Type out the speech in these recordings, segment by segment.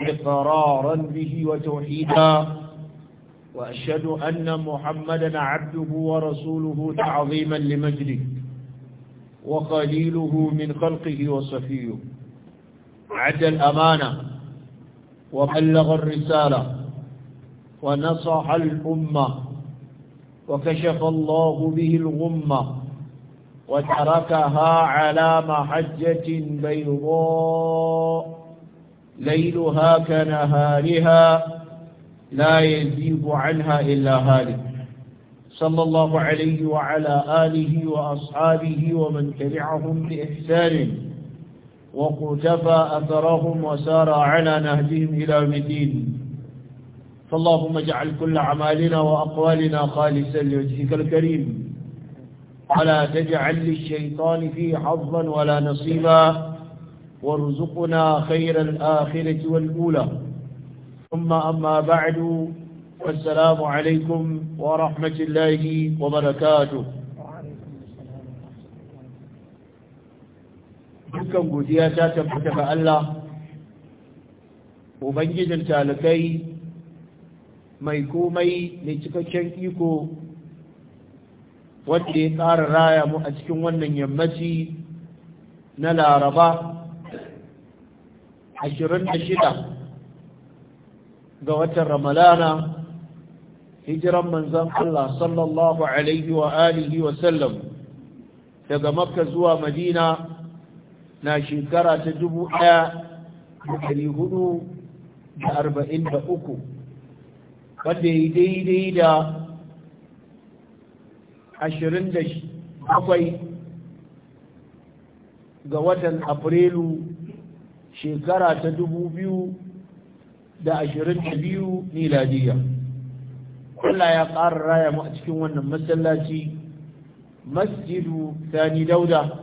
إقرارا به وتوحيدا وأشهد أن محمدا عبده ورسوله تعظيما لمجده وقليله من خلقه وصفيه عد الأمانة وبلغ الرسالة ونصح الأمة وكشف الله به الغمة وتركها على محجة بيضاء ليلها كنهارها لا يزيد عنها إلا هالك صلى الله عليه وعلى آله وأصحابه ومن تبعهم بإحسان وقتفى أثرهم وسار على نهجهم إلى مدين فاللهم اجعل كل عمالنا وأقوالنا خالصا لوجهك الكريم ولا تجعل للشيطان فيه حظا ولا نصيبا وارزقنا خير الآخرة والأولى ثم أما بعد والسلام عليكم ورحمة الله وبركاته dukkan godiya ta tabbata ga Allah ubangijin talakai mai komai mai cikakken iko wanda ya ƙara raya mu a cikin wannan yammaci na laraba ashirin da shida ga watan ramalana hijiran manzan Allah sallallahu alaihi wa alihi wa sallam daga makka zuwa madina na shekara ta dubu ɗaya da ɗari hudu da arba'in da uku wanda ya daidai da ashirin da bakwai ga watan afrilu shekara ta dubu biyu da ashirin da biyu miladiya Allah ya ƙara raya mu a cikin wannan masallaci masjidu sani dauda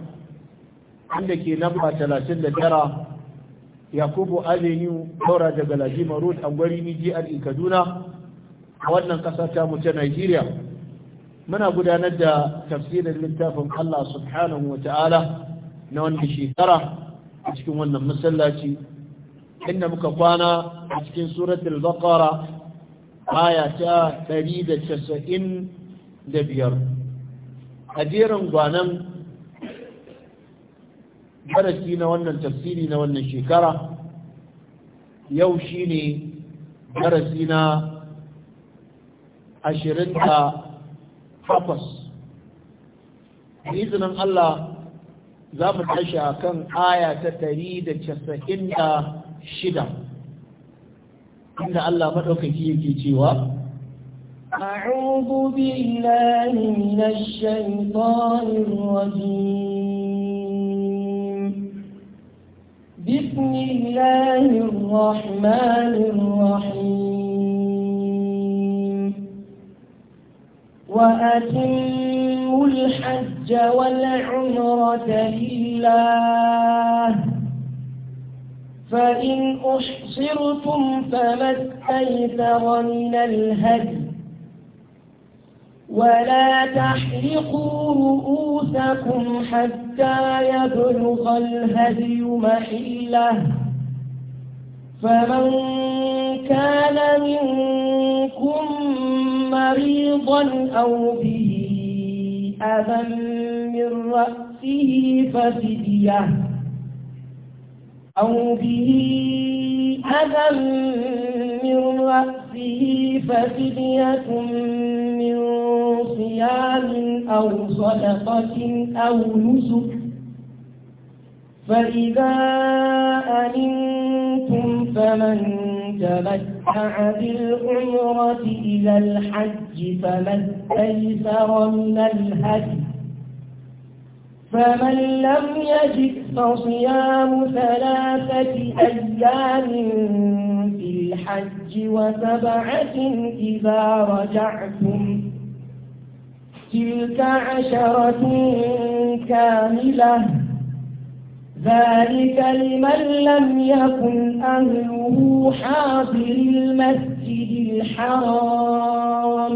wanda ke namba talatin da tara yakubu avenue daura daga lajima road a gwari jihar e, kaduna a wannan ƙasa ta mu ta nigeria muna gudanar da tafsirin littafin allah subhanahu wa ta'ala na wannan shekara a cikin wannan masallaci inda muka kwana a cikin suratul baqara aya ta 195 a jerin gwanan darasi na wannan tafsiri na wannan shekara yau shine darasi na 28 da izinin Allah za mu tashi a kan aya ta ɗari da casa'in da shida inda Allah maɗaukaki yake cewa أعوذ بالله من الشيطان الرجيم بسم الله الرحمن الرحيم وأتم الحج والعمرة لله فإن أحصرتم فما استيسر من الهدي ولا تحلقوا رؤوسكم حتى يبلغ الهدي محله فمن كان منكم مريضا أو به أذى من رأسه ففدية أو به أذى من رأسه ففدية من صيام أو صدقة أو نسك فإذا أمنتم فمن تمتع تمتع بالعمرة إلى الحج فما استيسر من الهدي فمن لم يجد فصيام ثلاثة أيام في الحج وسبعة إذا رجعتم تلك عشرة كاملة ذلك لمن لم يكن أهله حاضر المسجد الحرام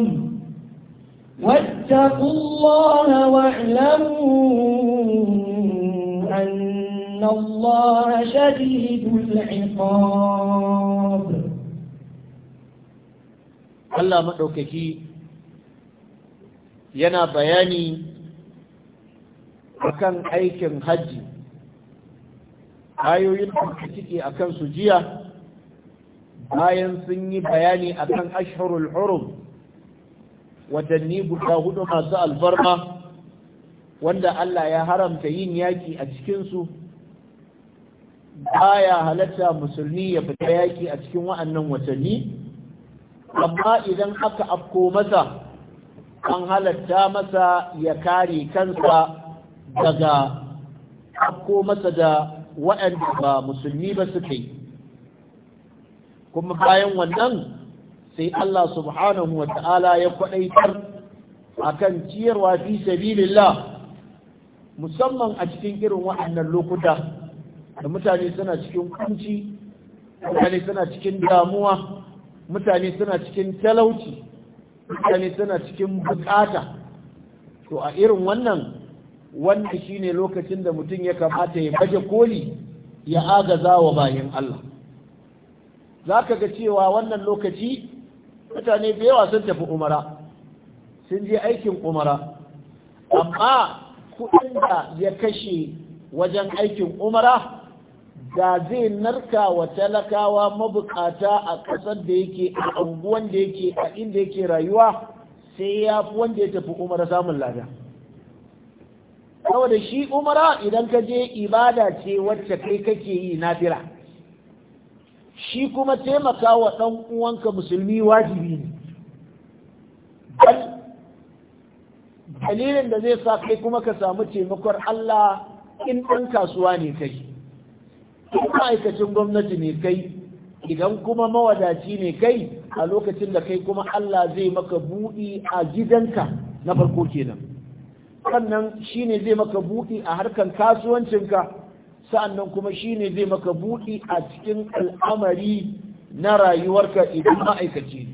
واتقوا الله واعلموا أن الله شديد العقاب Allah maɗaukaki yana bayani akan aikin hajji ayoyin da suke a kan su jiya bayan sun yi bayani a kan hurum watanni guda hudu masu albarma wanda Allah ya haramta yin yaki a cikinsu baya halatta musulmi ya fita yaki a cikin wa'annan watanni amma idan aka afko masa an halatta masa ya kare kansa daga afko masa da waɗanda ba musulmi ba suka yi kuma bayan wannan sai Allah subhanahu wa ta'ala ya kwaɗaitar akan ciyarwa fi sabilillah musamman a cikin irin waɗannan lokuta da mutane suna cikin kunci mutane suna cikin damuwa mutane suna cikin talauci mutane suna cikin bukata to a irin wannan wannan shine lokacin da mutum ya kamata ya baje koli ya agaza wa bayan Allah za ka ga cewa wannan lokaci mutane da yawa sun tafi umara sun je aikin umara amma kuɗin da ya kashe wajen aikin umara da zai narka wa talakawa mabukata a ƙasar da yake a unguwan da yake a inda yake rayuwa sai ya fi wanda ya tafi umara samun lada. saboda shi umara idan ka je ibada ce wacce kai kake yi na fira. shi kuma taimaka wa ɗan uwanka musulmi wajibi ne dalilin da zai sa kai kuma ka samu taimakon Allah in ɗan kasuwa ne kai in ma'aikacin gwamnati ne kai idan kuma mawadaci ne kai a lokacin da kai kuma Allah zai maka buɗi a gidanka na farko kenan. sannan shine zai maka buɗi a harkar kasuwancinka sannan kuma shine zai maka buɗi a cikin al'amari na rayuwarka idan ma'aikaci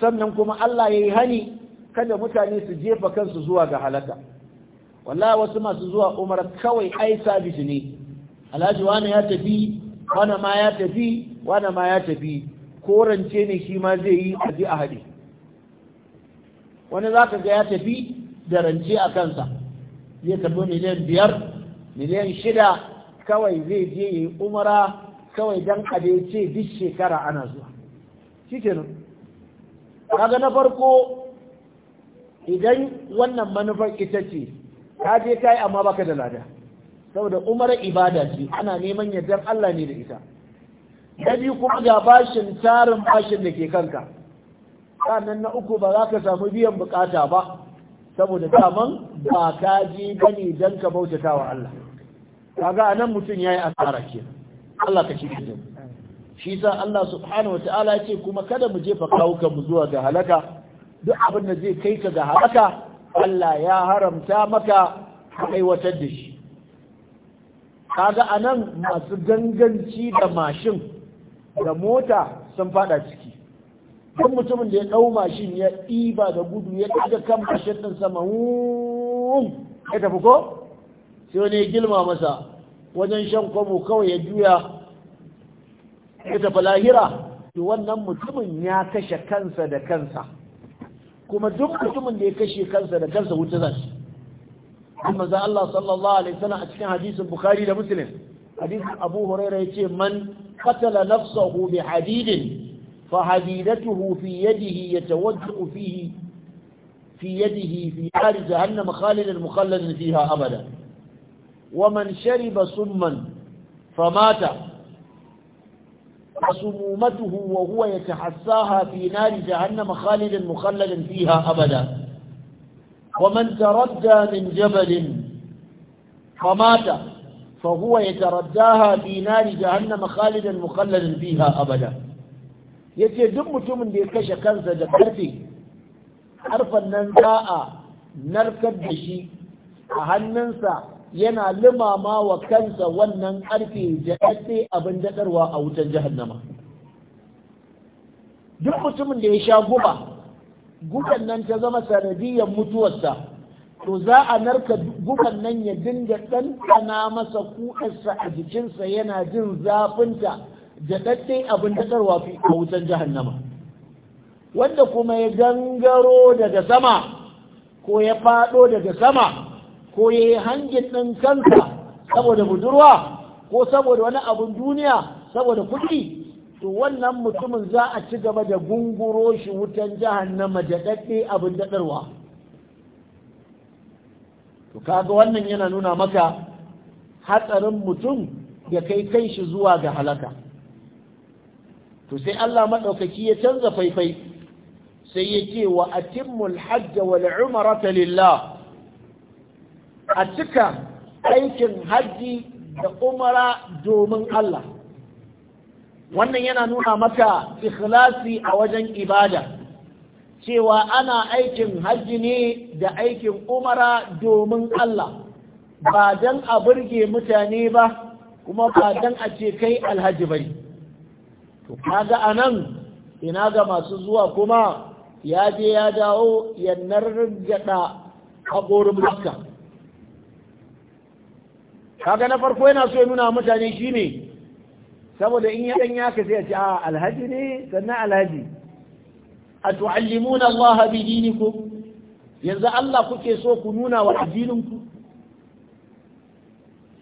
sannan kuma Allah ya yi hani kada mutane su jefa kansu zuwa ga halaka wallahi wasu masu zuwa umar kawai ai sabis ne alhaji wani ya tafi wani ma ya tafi wani ma ya tafi korance ne shi ma zai yi ji a hadisi wani za ka ga ya tafi da rance a kansa zai tafi miliyan biyar miliyan shida kawai zai je yi umara kawai don abinci duk shekara ana zuwa shi kaga na farko idan wannan manufar ita ce ka je yi amma baka da lada saboda umara ibada ce ana neman yadda Allah ne da ita na biyu kuma ga bashin tarin bashin da ke kanka sannan na uku ba za ka samu biyan bukata ba saboda daman ba ka ji gani don ka bautata wa Allah kaga anan mutum yayi asara ke Allah ka cike mu shi sa Allah subhanahu wataala ce kuma kada mu jefa kawuka mu zuwa ga halaka duk abin da zai kai ka ga halaka Allah ya haramta maka aiwatar da shi kaga anan masu ganganci da mashin da mota sun fada ciki don mutumin da ya ɗau mashin ya ɗiba da gudu ya ɗaga kan mashin ɗin sama ya tafi ko sai wani ya gilma masa wajen shan kwabo kawai ya juya ya tafi lahira wannan mutumin ya kashe kansa da kansa kuma duk mutumin da ya kashe kansa da kansa wuta za shi kuma maza Allah sallallahu alaihi wasallam a cikin hadisin Bukhari da Muslim hadisin Abu ya ce man fatala nafsahu bi hadidin فحديدته في يده يتوجه فيه في يده في نار جهنم خالدا مخلدا فيها أبدا ومن شرب سما فمات فسمومته وهو يتحساها في نار جهنم خالدا مخلدا فيها أبدا ومن تردى من جبل فمات فهو يترداها في نار جهنم خالدا مخلدا فيها أبدا ya ce duk mutumin da ya kashe kansa da karfe harfan nan za a narkar da shi a hannunsa yana limama wa kansa wannan karfe da ɗaɗe abin daɗarwa a wutan jahannama duk mutumin da ya sha guba gugan nan ta zama sanadiyar mutuwarsa to za a narka guban nan ya dinga ɗanɗana masa kuɗarsa a jikinsa yana jin zafinta jadadde abin daɗarwa fi a wutan jahannama wanda kuma ya gangaro daga sama ko ya faɗo daga sama ko ya yi hangin ɗin kansa saboda budurwa ko saboda wani abin duniya saboda kuɗi to wannan mutumin za a ci gaba da gunguro shi wutan jahannama jadadde abin daɗarwa to kaga wannan yana nuna maka hatsarin mutum ya kai kai shi zuwa ga halaka to sai Allah maɗaukaki ya canza faifai sai ya ce wa atimmul hajj wal umrata lillah a cika aikin hajji da umara domin Allah wannan yana nuna maka ikhlasi a wajen ibada cewa ana aikin hajji ne da aikin umara domin Allah ba don a burge mutane ba kuma ba don a ce kai alhaji bai to kaga anan ina ga masu zuwa kuma ya je ya dawo ya nargada haƙorin makka kaga na farko yana so ya nuna mutane shi ne, saboda in ya ɗan yaka sai ya ce a alhaji ne sannan alhaji a tu'allimuna Allah bi dinikum yanzu Allah kuke so ku nuna wa addininku.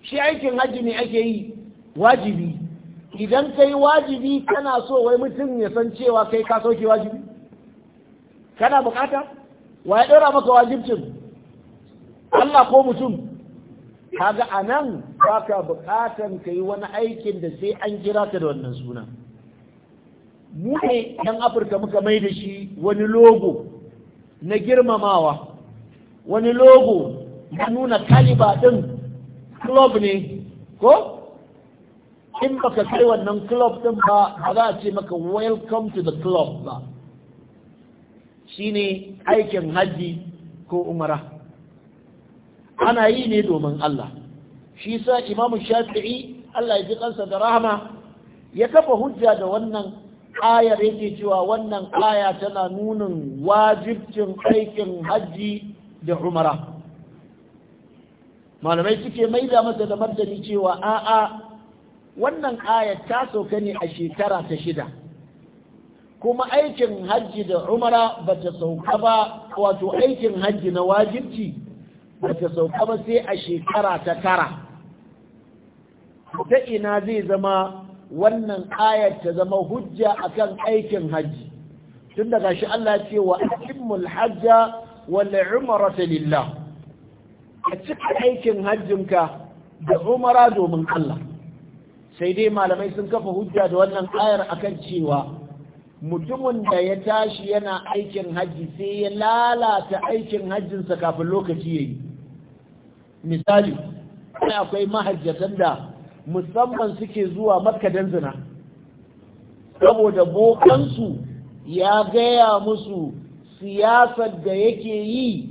shi aikin hajji ne ake yi wajibi idan ka yi wajibi kana so wai mutum ya san cewa kai ka sauke wajibi kana bukata wa ya ɗora maka wajibcin Allah ko mutum kaga a nan ba ka bukatan ka yi wani aikin da sai an jira ka da wannan suna mu ne ɗan afirka muka mai da shi wani logo na girmamawa wani logo na nuna kaliba ɗin club ne ko in baka kai wannan club din ba ba za a ce maka welcome to the club ba shine aikin haji ko umara ana yi ne domin Allah shi sa imamu shafi'i Allah ya ji kansa da rahama ya kafa hujja da wannan ayar yake cewa wannan aya tana nunin wajibcin aikin hajji da umara malamai suke maida masa da martani cewa a'a wannan ayat ta sauka ne a shekara ta shida kuma aikin hajji da umara ba ta sauka ba wato aikin hajji na wajibci ba ta sauka ba sai a shekara ta tara ta ina zai zama wannan ayat ta zama hujja akan aikin hajji tun daga shi Allah ce wa atimul hajja wal umrata lillah a cika aikin hajjinka da umara domin Allah sai dai malamai sun kafa hujja da wannan ayar akan cewa mutumin da ya tashi yana aikin hajji sai ya lalata aikin hajjinsa kafin lokaci ya yi misali sai akwai mahajjatan da musamman suke zuwa makadan don zina saboda bokansu ya gaya musu siyasar da yake yi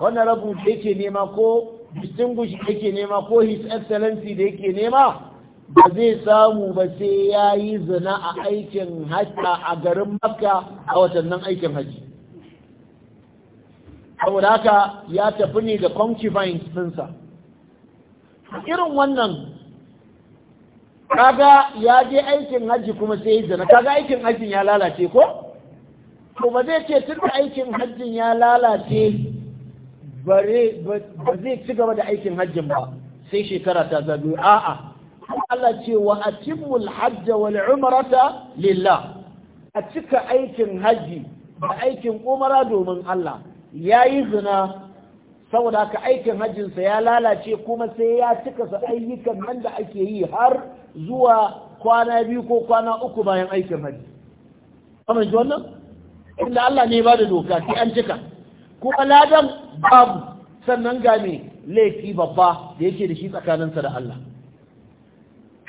wani rabu da yake nema ko distinguish yake nema ko his excellency da yake nema ba zai samu ba sai ya yi zina a aikin hajji a garin makka a watannin aikin hajji saboda haka ya tafi ne da concubines ɗinsa irin wannan kaga ya je aikin hajji kuma sai ya zina kaga aikin hajjin ya lalace ko to ba zai ce tun aikin hajjin ya lalace ba zai ci gaba da aikin hajjin ba sai shekara ta zagayo a'a Allah ce wa atimmul hajja wal umrata lillah a cika aikin haji da aikin umara domin Allah yayi zina saboda ka aikin sa ya lalace kuma sai ya cika sa ayyukan nan da ake yi har zuwa kwana biyu ko kwana uku bayan aikin haji kamar ji wannan inda Allah ne ba da doka sai an cika kuma ladan babu sannan ga me laifi babba da yake da shi tsakaninsa da Allah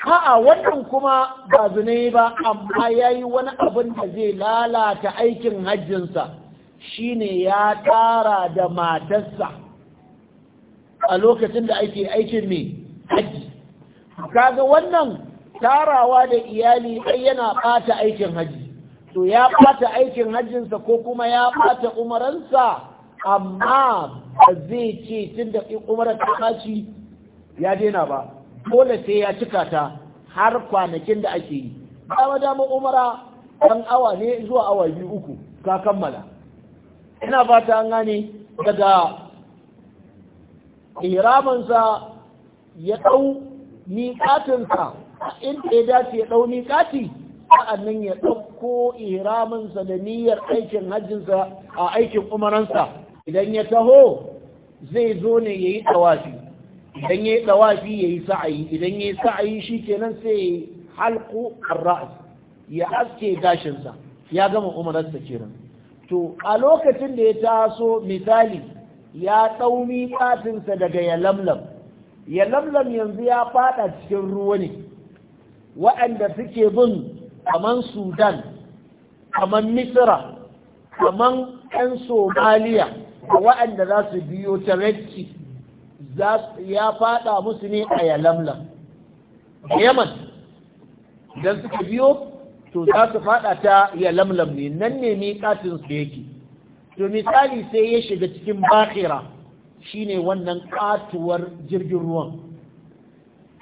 a'a wannan kuma ba zunai ba amma ya yi wani abin da zai lalata aikin hajjinsa shine ya tara da matarsa a lokacin da ake aikin mai haji. kaga wannan tarawa da iyali ai yana ɓata aikin haji, to ya bata aikin hajjinsa ko kuma ya bata umaransa amma zai ce tun da umarar ta ya daina ba dole sai ya cika ta har kwanakin da ake yi dama dama umara ɗan awa ne zuwa awa biyu uku ka kammala ina fata an gane daga Iramansa ya ɗau miƙatinsa inda ya dace ya ɗau miƙati sa'annan ya ɗauko Iramansa da niyyar aikin hajjinsa a aikin umaransa idan ya taho zai zo ne ya yi tawafi idan ya yi tsawafi ya yi sa'ayi idan ya yi sa'ayi shi kenan sai ya yi halku ya aske gashinsa ya gama umararsa kenan to a lokacin da ya taso misali ya ɗau ƙatinsa daga Yalamlam, Yalamlam yanzu ya fada cikin ruwa ne waɗanda suke bin kaman sudan kaman misira kaman 'yan somaliya waɗanda za su biyo ta ya fada musu ne a yalamlam yaman idan suka biyo to za su fada ta yalamlam ne nan ne miƙatin su yake to misali sai ya shiga cikin bakira shine wannan katuwar jirgin ruwan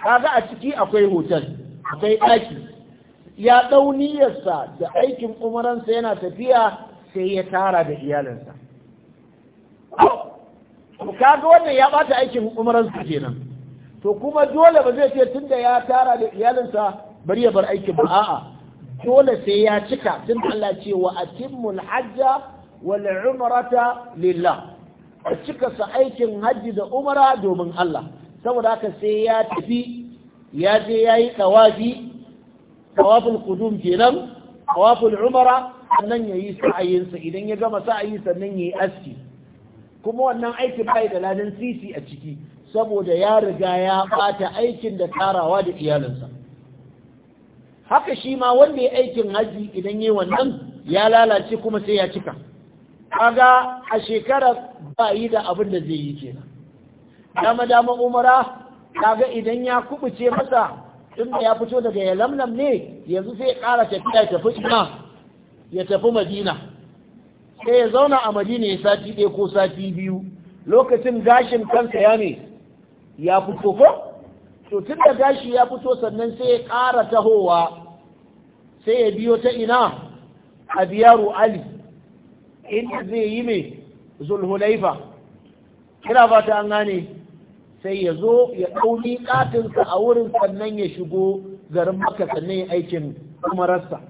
kaga a ciki akwai hotel akwai ɗaki ya ɗau niyyarsa da aikin umaransa yana tafiya sai ya tara da iyalinsa to kaga wannan ya bata aikin umaransa kenan to kuma dole ba zai ce tunda ya tara da iyalinsa bari ya bar aikin ba a'a dole sai ya cika tun Allah ce wa atimmul hajja wal umrata lillah a cika sa aikin hajji da umara domin Allah saboda haka sai ya tafi ya je yayi tawafi tawaful qudum kenan tawaful umara sannan yayi sa'ayinsa idan ya gama sa'ayi sannan yayi aski kuma wannan aikin bai da ladan sisi a ciki saboda ya riga ya bata aikin da tarawa da iyalinsa haka shi ma wanda ya aikin haji idan yi wannan ya lalace kuma sai ya cika kaga a shekarar ba yi da abin da zai yi kenan dama dama umara kaga idan ya kubuce masa inda ya fito daga ya lamlam ne yanzu sai ya kara tafiya tafi ina ya tafi madina sai ya zauna a madina ya sati ɗaya ko sati biyu lokacin gashin kansa ya ne ya fito ko to tun da gashi ya fito sannan sai ya ƙara tahowa sai ya biyo ta ina a biyaru ali inda zai yi mai zulhulaifa kira ba ta an gane sai ya zo ya ɗauki katinsa a wurin sannan ya shigo garin maka sannan ya aikin umararsa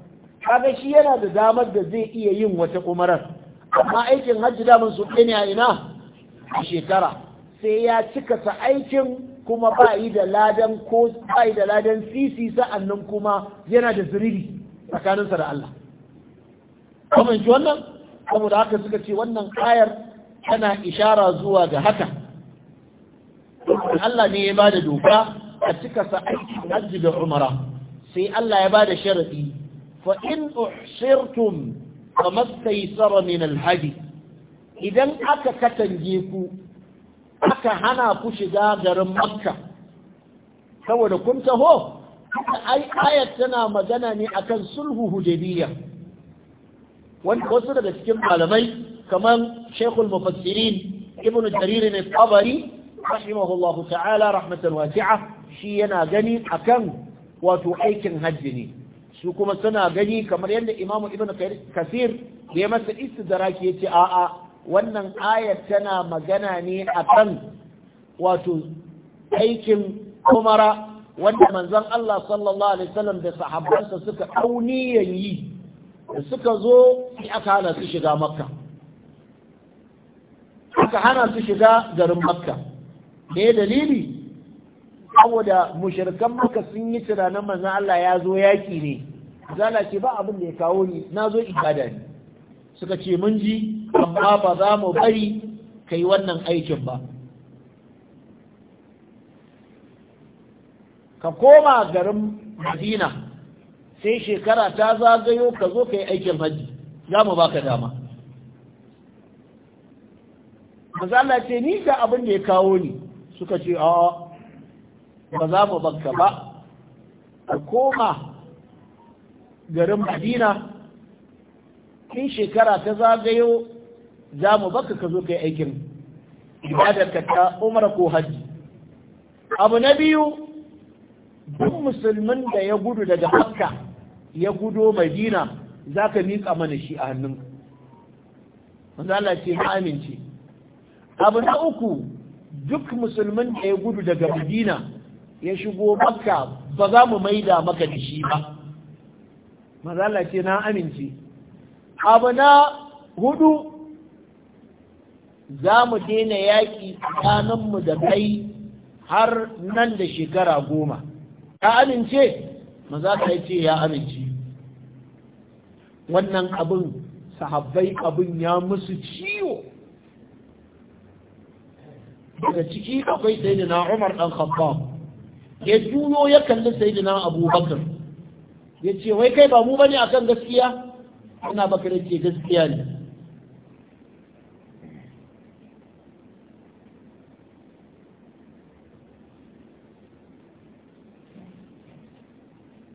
kaga shi yana da damar da zai iya yin wata umarar amma aikin hajji daman su ne a ina a shekara sai ya cika aikin kuma ba yi da ladan ko ba yi da ladan sisi sa'annan kuma yana da ziriri tsakaninsa da Allah kuma ji wannan saboda haka suka ce wannan kayar tana ishara zuwa ga haka Allah ne ya bada doka a cika sa aikin hajji da umara sai Allah ya bada sharadi fa in uhsirtum famastaisara min alhaji idan aka katange ku aka hana ku shiga garin makka saboda kun taho ai ayat tana magana ne akan sulhu hudaybiya wasu daga cikin malamai kamar shekul mufassirin ibn jarir ne tabari rahimahullahu ta'ala rahmatan wasi'a shi yana gani akan wato aikin hajji ne su kuma suna gani kamar yadda imamu ibn kasir ya masa ya a a wannan ayar tana magana ne a kan wato aikin kumara wanda manzon Allah sallallahu alaihi wasallam da sahabbansa suka auniyan yi da suka zo sai aka hana su shiga makka aka hana su shiga garin makka ne dalili saboda mushirkan maka sun yi tunanin manzan Allah ya zo yaƙi ne zala ce ba abin da ya kawo ni na zo ibada ne suka ce mun ji amma ba za mu bari ka yi wannan aikin ba ka koma garin madina sai shekara ta zagayo ka zo ka yi aikin hajji za mu baka dama Allah ce ni ga abin da ya kawo ni suka ce a ba za mu banka ba a koma garin madina in shekara ta zagayo za mu baka ka zo kai aikin ibadarka ta umar ko hajji abu na biyu duk musulmin da ya gudu daga makka ya gudo madina za ka miƙa mana shi a hannun Allah ce na amince abu na uku duk musulmin da ya gudu daga madina ya shigo makka ba za mu maida maka da shi ba mazala ce na amince abu na hudu za mu daina yaƙi tsakaninmu da kai har nan da shekara goma ya amince maza ce ya amince wannan abin sahabbai abin ya musu ciwo daga ciki akwai sai na umar ɗan khattab ya juyo ya kalli sayyidina abubakar ya ce wai kai ba mu bane akan gaskiya ana bakar ce gaskiya ne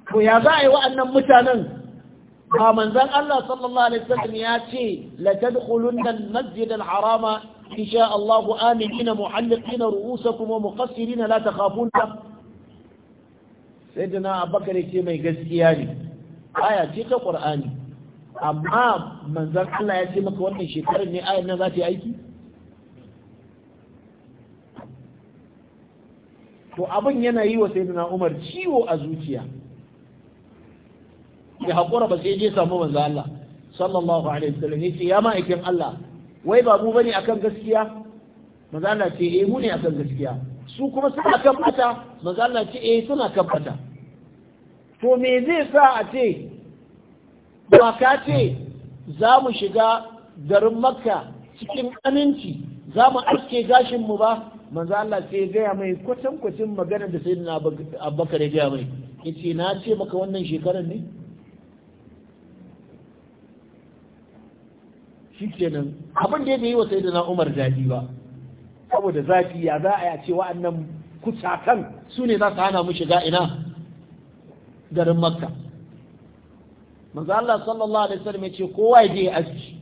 ko ya za a yi wa'annan mutanen ba manzan Allah sallallahu alaihi wasallam ya ce la tadkhulunna al-masjid al-harama in sha Allah ina muhalliqina ru'usakum wa muqassirina la takhafuna sai dana abakar ce mai gaskiya ne aya ce ta ƙwar'ani amma manzan Allah ya ce maka wannan shekarar ne ayar nan za ta yi aiki to abin yana yi wa sayyidina Umar ciwo a zuciya ya haƙura ba sai je samu manzan Allah sallallahu alaihi wasallam ce ya ma'aikin Allah wai ba mu bane akan gaskiya manzan Allah ce eh mu ne akan gaskiya su kuma suna kan bata manzo ce eh suna kan bata to me zai sa a ce ba ka ce za mu shiga garin makka cikin aminci za mu aske gashinmu ba manzo Allah sai gaya mai kwatankwacin magana da na Abubakar ya gaya mai ce na ce maka wannan shekarar ne shikenan abin da ya yi wa na Umar dadi ba saboda zafi ya za a ce wa'annan kusakan su ne za su hana mu shiga ina garin makka manzo Allah sallallahu alaihi wasallam ya ce kowa ya je aski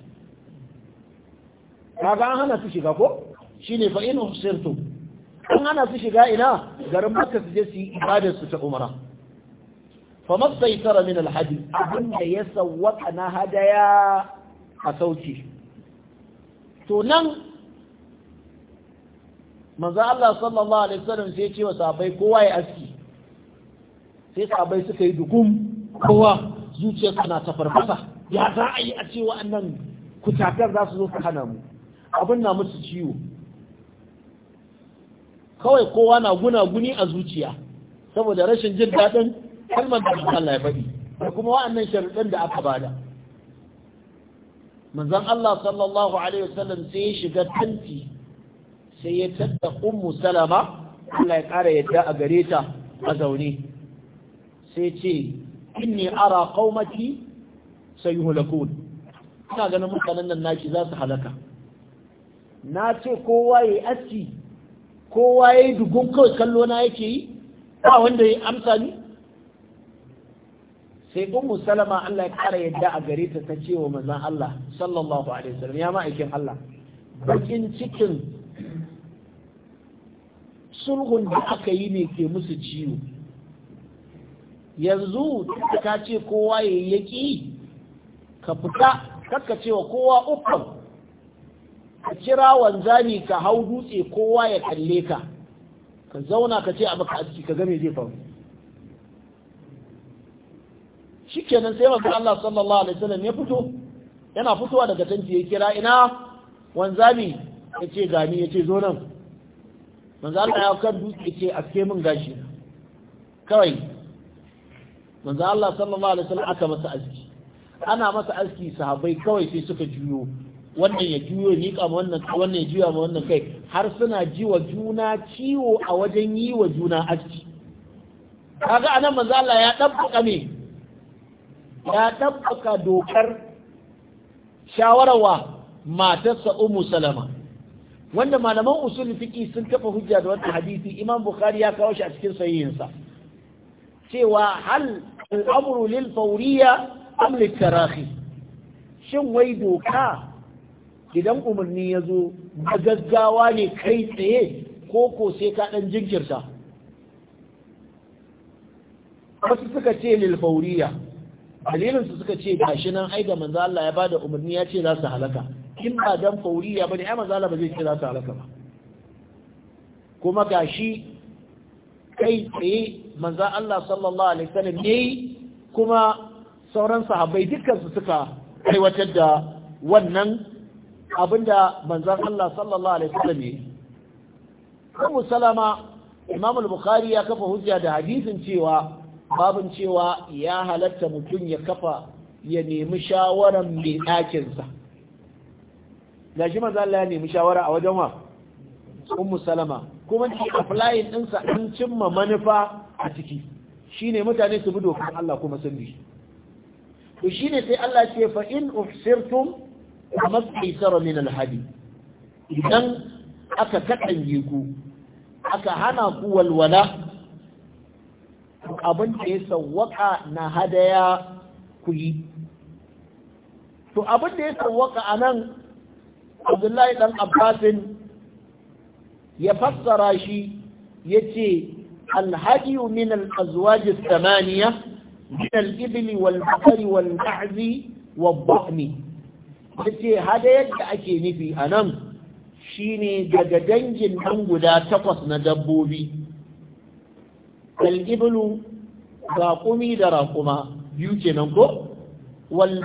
kaga an hana su shiga ko shine fa in usirtu an hana su shiga ina garin makka su je su yi ibadar su ta umara fa masaitara min alhadi abin da ya sawwaka na hadaya a sauki to nan manzo Allah sallallahu alaihi wasallam sai ya ce wa sahabbai kowa ya aski sai sahabbai suka yi dukum kowa zuciya kana ta farfasa ya za a yi a ce wa'annan kutatar za su zo su hana mu abin na musu ciwo kawai kowa na gunaguni a zuciya saboda rashin jin daɗin kalmar da Allah ya faɗi da kuma wa'annan sharuɗan da aka bada manzon Allah sallallahu alaihi wasallam sai ya shiga tanti sai ya tadda ummu salama Allah ya ƙara yadda a gare ta a zaune sai ce inni ara qaumati sayuhlakun ina ganin mutanen nan naki za su halaka na ce kowa yayi aski kowa yayi dugun kawai kallo na yake yi ba wanda ya amsa ni sai ummu salama Allah ya ƙara yadda a gare ta ta ce wa manzon Allah sallallahu alaihi wasallam ya ma'aikin Allah bakin cikin sulhun da aka yi ne ke musu ciwo yanzu ka ce kowa ya yaki ka fita kakka cewa kowa uffan ka kira wanzami ka hau dutse kowa ya kalle ka ka zauna ka ce abu ka aski ka game zai faru shikenan sai manzo Allah sallallahu alaihi wasallam ya fito yana fitowa daga tanti ya kira ina wanzami ce gani ya ce zo nan manzo Allah ya kan dutse ce aske min gashi kawai manzo Allah sallallahu alaihi wasallam aka masa aski ana masa aski sahabbai kawai sai suka juyo wannan ya juyo ni ka wannan wannan ya juya ma wannan kai har suna ji wa juna ciwo a wajen yi wa juna aski kaga anan manzo Allah ya dabbuka me ya dabbuka dokar matar matarsa Ummu Salama wanda malaman usul fiqi sun kafa hujja da wannan hadisi imam bukhari ya kawo shi a cikin sahihinsa cewa hal al'amru lil fawriya am lit tarahi shin wai doka idan umarni ya zo gaggawa ne kai tsaye ko ko sai ka dan jinkirta wasu suka ce lil fawriya dalilinsu suka ce gashi nan ai da manzo Allah ya bada umarni ya ce za su halaka in ba dan fauriya bane ai manzo Allah ba zai kira ta halaka ba kuma gashi kai tsaye manzo Allah sallallahu alaihi wasallam ne kuma sauran sahabbai dukkan suka aiwatar da wannan abinda manzon Allah sallallahu alaihi wasallam ne Ummu Salama Imam al-Bukhari ya kafa hujja da hadisin cewa babin cewa ya halatta mutum ya kafa ya nemi shawaran mai ɗakinsa shi manzo Allah ya nemi shawara a wajen wa ummu salama kuma shi applying din sa an cimma manufa a ciki shine mutane su bi dokar Allah kuma sun bi to shine sai Allah ce fa in uhsirtum famastaysara min alhadi idan aka kadange ku aka hana ku walwala abin da ya sawwaka na hadaya ku yi to abin da ya sawwaka anan abdullahi dan abbasin ya fassara shi ya ce alhaji min al'azwaji samaniya min al'ibili wal bakari wa bahmi ya ce hada yadda ake nufi a nan shine daga dangin nan guda takwas na dabbobi al'ibilu raƙumi da raƙuma biyu kenan ko wal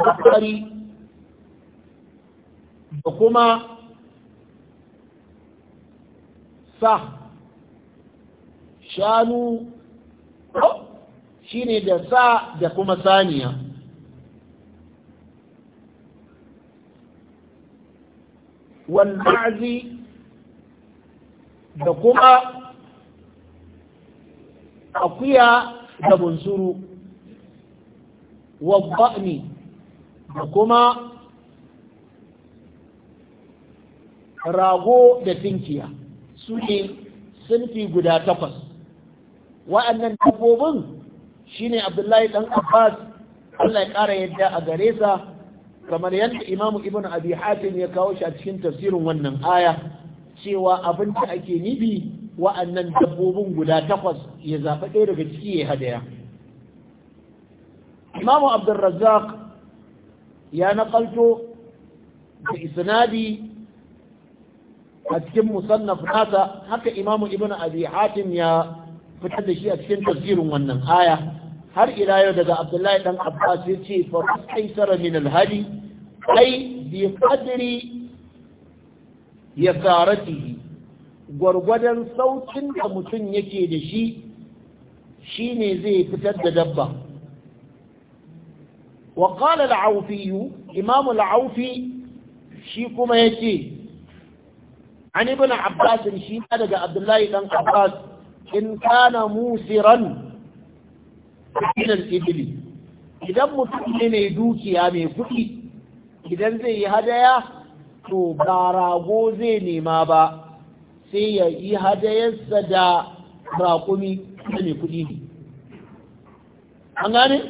da kuma sa shanu ne da sa da kuma saniya wal'azi da kuma akuya da bunsuru wabba'ni da kuma rago da tinkiya su ne sunfi guda takwas wa'annan dabbobin shine abdullahi Ɗan abbas allah ya ƙara yadda a gare sa kamar yadda imamu ibn abi hatim ya kawo shi a cikin tafsirin wannan aya cewa abinci da ake nibi wa'annan dabbobin guda takwas ya zaɓa ɗaya daga ciki ya hadaya imamu abdulrazzaq ya naƙalto da isnadi a cikin musannaf nasa haka imamu ibn abi hatim ya fitar da shi a cikin tafsirin wannan aya har ila yau daga abdullahi dan abbas ya ce fa kaisara min alhadi ai bi qadri yasaratihi gwargwadon saukin da mutum yake da shi shine zai fitar da dabba wa qala al-awfi imam shi kuma yace an ibn abbas shi ma daga abdullahi dan abbas in kana musiran min al idan mutum ne mai dukiya mai kuɗi idan zai yi hadaya to ba zai nema ba sai ya yi hadayarsa da raƙumi da mai kuɗi ne an gane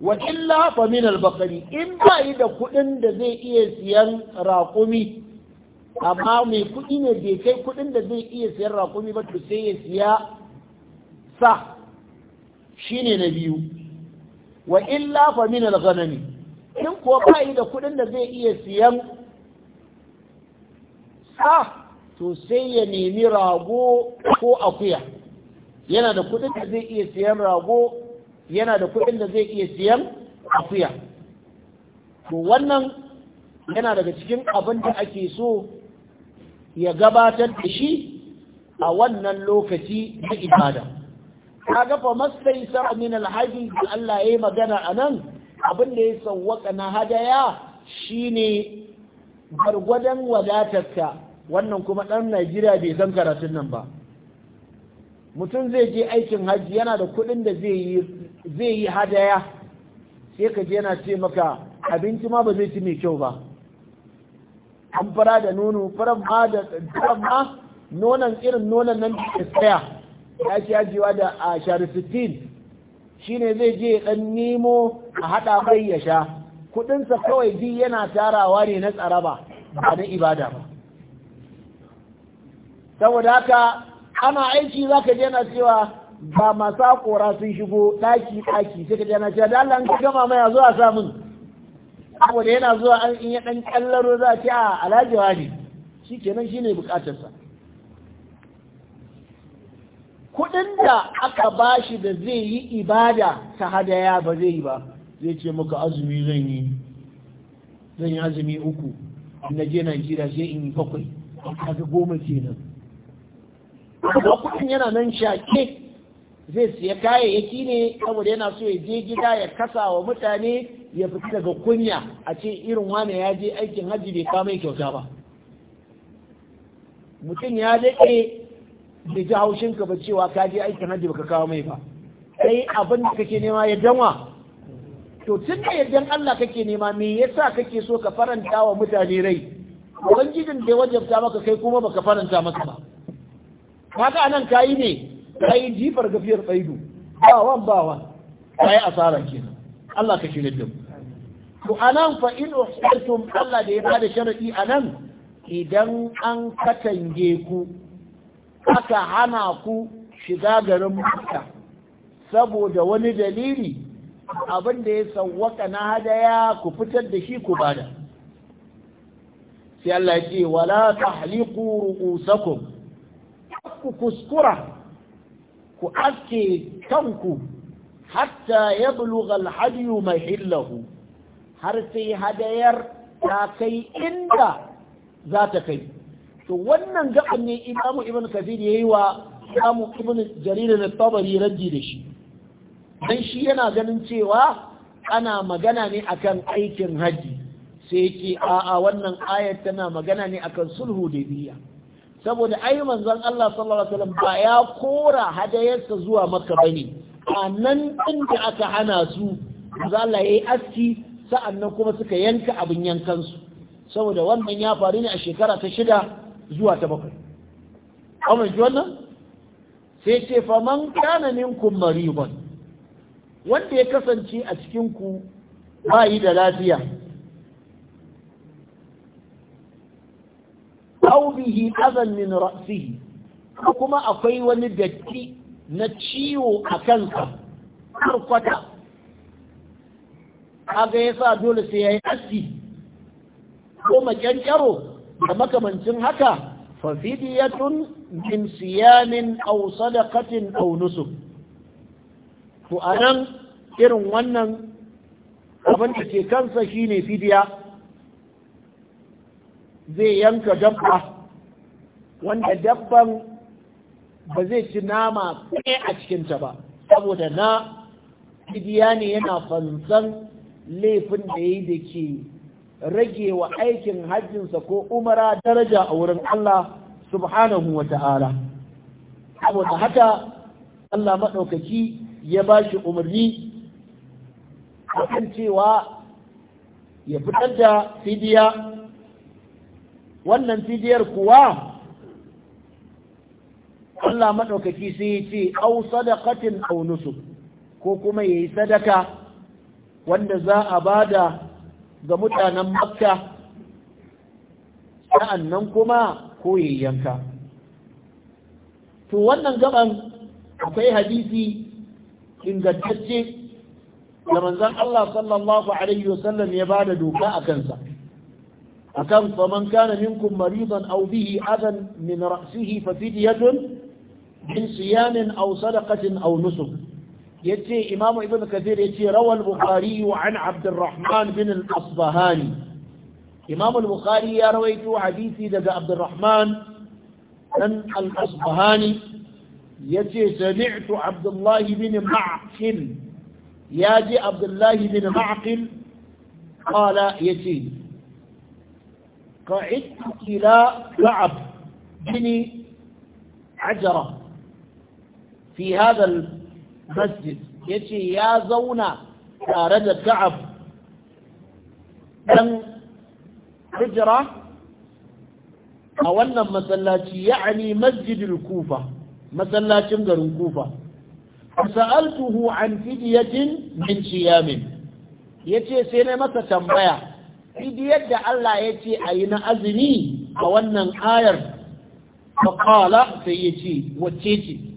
wa illa fa in ba yi da kuɗin da zai iya siyan raƙumi amma mai kuɗi ne bai kai kuɗin da zai iya siyan rakumi ba to sai ya siya sa shine na biyu wa illa fa min al-ghanami in ko bai da kuɗin da zai iya siyan sa to sai ya nemi rago ko akuya yana da kuɗin da zai iya siyan rago yana da kuɗin da zai iya siyan akuya to wannan yana daga cikin abin da ake so ya gabatar da shi a wannan lokaci na ibada kaga fa mastaisar min alhaji da Allah ya yi magana anan abin da ya sawwaka na hadaya shine gargwadon wadatarka wannan kuma ɗan Najeriya bai san karatun nan ba mutum zai je aikin hajji yana da kuɗin da zai yi hadaya sai ka yana ce maka abinci ma ba zai ci mai kyau ba an fara da nono faran ma da faran ma nonon irin nonon nan da tsaya ya ce ajiyewa da a shari 16 ne zai je ɗan nemo a haɗa mai ya sha kudinsa kawai bi yana tarawa ne na tsaraba ba na ibada ba saboda haka ana aiki za ka na cewa ba masu haƙora sun shigo ɗaki ɗaki, sai ka je na cewa da Allah ka gama mai a zuwa samun da yana zuwa an iya ɗan ƙallaro za a ce a ah, alajewa ne shi kenan shi ne bukatarsa kudin da aka ba shi da zai yi ibada ta hadaya ba zai yi ba zai ce maka azumi zan yi zan yi azumi uku na je Najeriya zai in yi bakwai ga goma kenan amma kudin yana nan shake zai siya kayayyaki ne da yana so ya je gida ya kasa wa mutane ya fita daga kunya a ce irin wane ya je aikin hajji bai kama kyauta ba mutum ya daɗe da ji haushinka ba cewa ka je aikin hajji baka kawo mai ba sai abin da kake nema ya danwa to tun da yardan Allah kake nema me yasa kake so ka faranta wa mutane rai ubangijin da ya wajabta maka kai kuma baka faranta masa ba kaga anan kayi ne kayi jifar gafiyar tsaidu ba wan ba wan kayi asara kenan Allah ka shirin da to anan fa in uhsartum Allah da ya bada sharadi anan idan an katange ku aka hana ku shiga garin Makka saboda wani dalili abin da ya sawwaka na hadaya ku fitar da shi ku bada sai Allah ya ce wala tahliqu ru'usakum ku kuskura ku aske kanku hatta ya bulugal hadiyu mai hillahu har sai hadayar ta kai inda za ta kai to wannan gaban ne imamu ibn kafir yayi wa imamu ibn jarir na tabari raddi da shi dan shi yana ganin cewa ana magana ne akan aikin haji sai yake a'a wannan ayat tana magana ne akan sulhu da biya saboda ai manzon Allah sallallahu alaihi wasallam ba ya kora hadayarsa zuwa makka bane a nan ɗin aka hana su za ya yi aski nan kuma suka yanka abin yankansu saboda wannan ya faru ne a shekara ta shida zuwa ta bakwai amma ji wannan sai ce faman kana minkum mariban wanda ya kasance a cikinku ba yi da lafiya au bihi azan min ra'sihi kuma akwai wani datti na ciwo a kanka har kwata kaga yasa dole sai ya yi aski ko makyankyaro da makamancin haka fafidiyatun tun min siyamin aw sadaqatin aw nusuk to anan irin wannan abin da ke kansa shine fidiya zai yanka dabba wanda dabban ba zai ci nama kai a cikinta ba saboda na fidiya ne yana fansan laifin da ya da ke rage wa aikin hajjinsa ko umara daraja a wurin Allah subhanahu wa ta'ala saboda haka Allah maɗaukaki ya ba shi umarni a kan cewa ya fitar da fidiya wannan fidiyar kuwa Allah madaukaki sai ya ce au sadaqatin au nusuk ko kuma yayi sadaka wanda za a bada ga mutanen Makka sa'annan kuma ko yayi to wannan gaban akwai hadisi ingantacce da manzon Allah sallallahu alaihi wasallam ya bada doka a kansa akan faman kana minkum maridan aw bihi adan min ra'sihi fa fidyatun من صيام أو صدقة أو نسك يتي إمام ابن كثير يتي روى البخاري عن عبد الرحمن بن الأصبهاني إمام البخاري يا رويت حديثي لدى عبد الرحمن بن الأصبهاني يتي سمعت عبد الله بن معقل ياجي عبد الله بن معقل قال يتي قعدت إلى كعب بن عجرة fi hadal masjid yace ya zauna tare da ka'ab dan hijira a wannan masallaci ya'ani masjidul kufa masallacin garin kufa sa'altuhu an fidiyatin min siyamin yace sai na masa tambaya fidiyar da Allah yace ayi na azumi a wannan ayar faqala sai yace wacce ce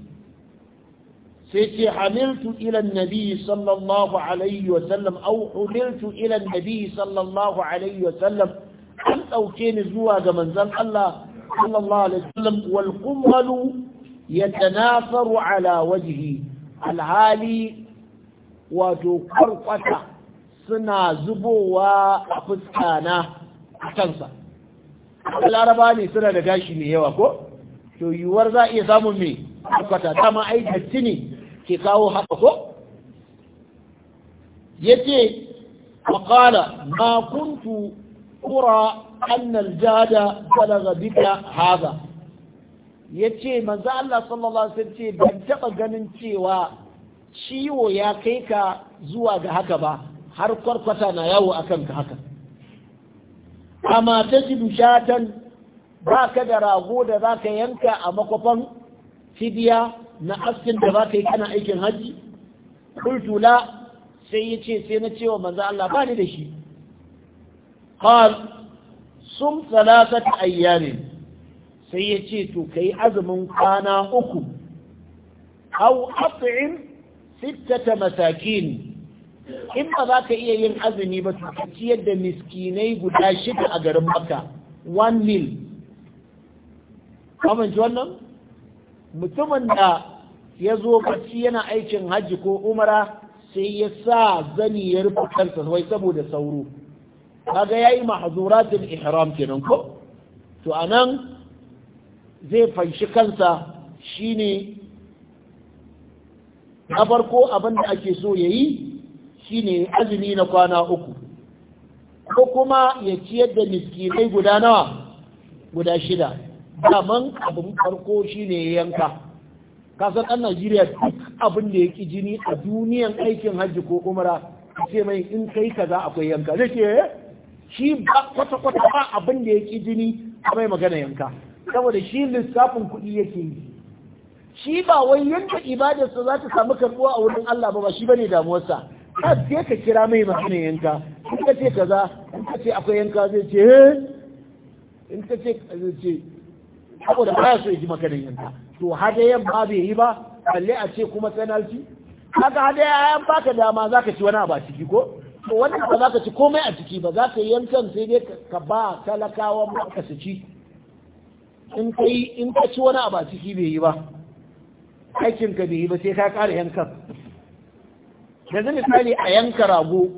sai ce hamiltu ila nabi sallallahu alaihi wa au huliltu ila nabi sallallahu alaihi wa sallam an dauke ni zuwa ga manzon Allah sallallahu alaihi wa sallam wal qummalu yatanasaru ala wajhi alhali wato kwarkwata suna zubowa a fuskana a kansa laraba ne suna da gashi mai yawa ko to yiwuwar za a iya samun mai kwarkwata dama ai datti ne ke kawo haka ko yace kuntu kura annal jada أن ga bika haza Ya ce, maza Allah sallallahu alaihi ce, ban taba ganin cewa ciwo ya kai ka zuwa ga haka ba har kwarkwata na yawo a ka haka amma ta jidu shatan ba ka da rago da za ka yanka a makwafan fidiya na askin da ka yi kana aikin haji qultu la sai ce sai na cewa manzo Allah ba ni da shi qal sun thalathata ayyam sai yace to yi azumin kwana uku hau at'im sittata masakin in ba za ka iya yin azumi ba to ka ciyar da miskinai guda shida a garin Makka one mil. kamar wannan mutumin da ya zo bacci yana aikin hajji ko umara sai ya sa zani ya rufe kansa wai saboda sauro kaga yayi mahzuratul ihram kenan ko to anan zai fanshi kansa shine na farko abin da ake so yayi shine azumi na kwana uku ko kuma ya ciyar da miskinai guda nawa guda shida daman abin farko shine yanka kasan ɗan najeriya duk abin da ya ƙi jini a duniyan aikin hajji ko umara ce mai in kai kaza akwai yanka zai ce eh, shi ba kwata-kwata ba abin da ya ƙi jini a mai magana yanka saboda shi lissafin kuɗi yake yi shi ba wai yanka ibadarsa za ta samu karɓuwa a wurin Allah ba ba shi bane damuwarsa ka je ka kira mai magana yanka in ka ce kaza in ka ce akwai yanka zai ce eh. in ka ce zai ce saboda ya so ya ji maganar yanka to yan ba bai yi ba balle a ce kuma penalty haka yan ba baka dama zaka ci wani ba ciki ko to wannan ba zaka ci komai a ciki ba zaka yankan sai dai ka ba talakawan ba ka ci in kai in ka ci wani ba ciki bai yi ba aikin ka bai yi ba sai ka ƙara yankan yanzu misali a yanka rago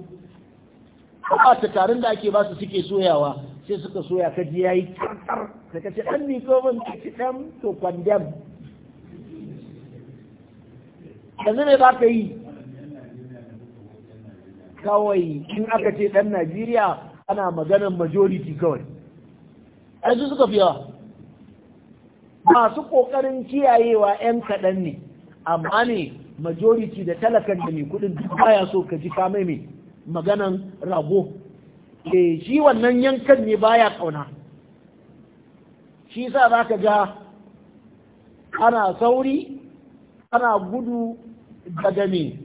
ba ta tarin da ake ba su suke soyawa sai suka soya ka ji yayi kantar da ka ce dan ni ko ban ci dan to kwandam yanzu ne za ka yi kawai in aka ce ɗan najeriya ana maganar majority kawai yanzu suka fi yawa masu ƙoƙarin kiyayewa 'yan kaɗan ne amma ne majority da talakan da mai kudin duk baya so ka ji kamai mai maganan rago e shi wannan yankan ne baya kauna shi sa za ka ga ana sauri ana gudu daga me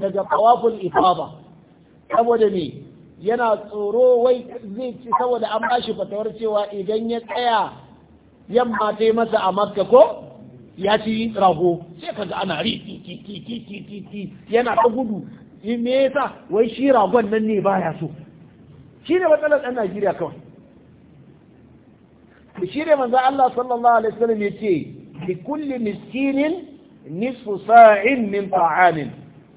daga tawaful ifada saboda me yana tsoro wai zai ci saboda an bashi fatawar cewa idan ya tsaya yamma ta masa a makka ko ya ci rago sai ga ana ri yana ta gudu me yasa wai shi ragon nan ne baya so shi ne matsalar ɗan Najeriya kawai shi ne manzo Allah sallallahu alaihi wasallam ya ce li kulli miskinin nisfu sa'in min ta'amin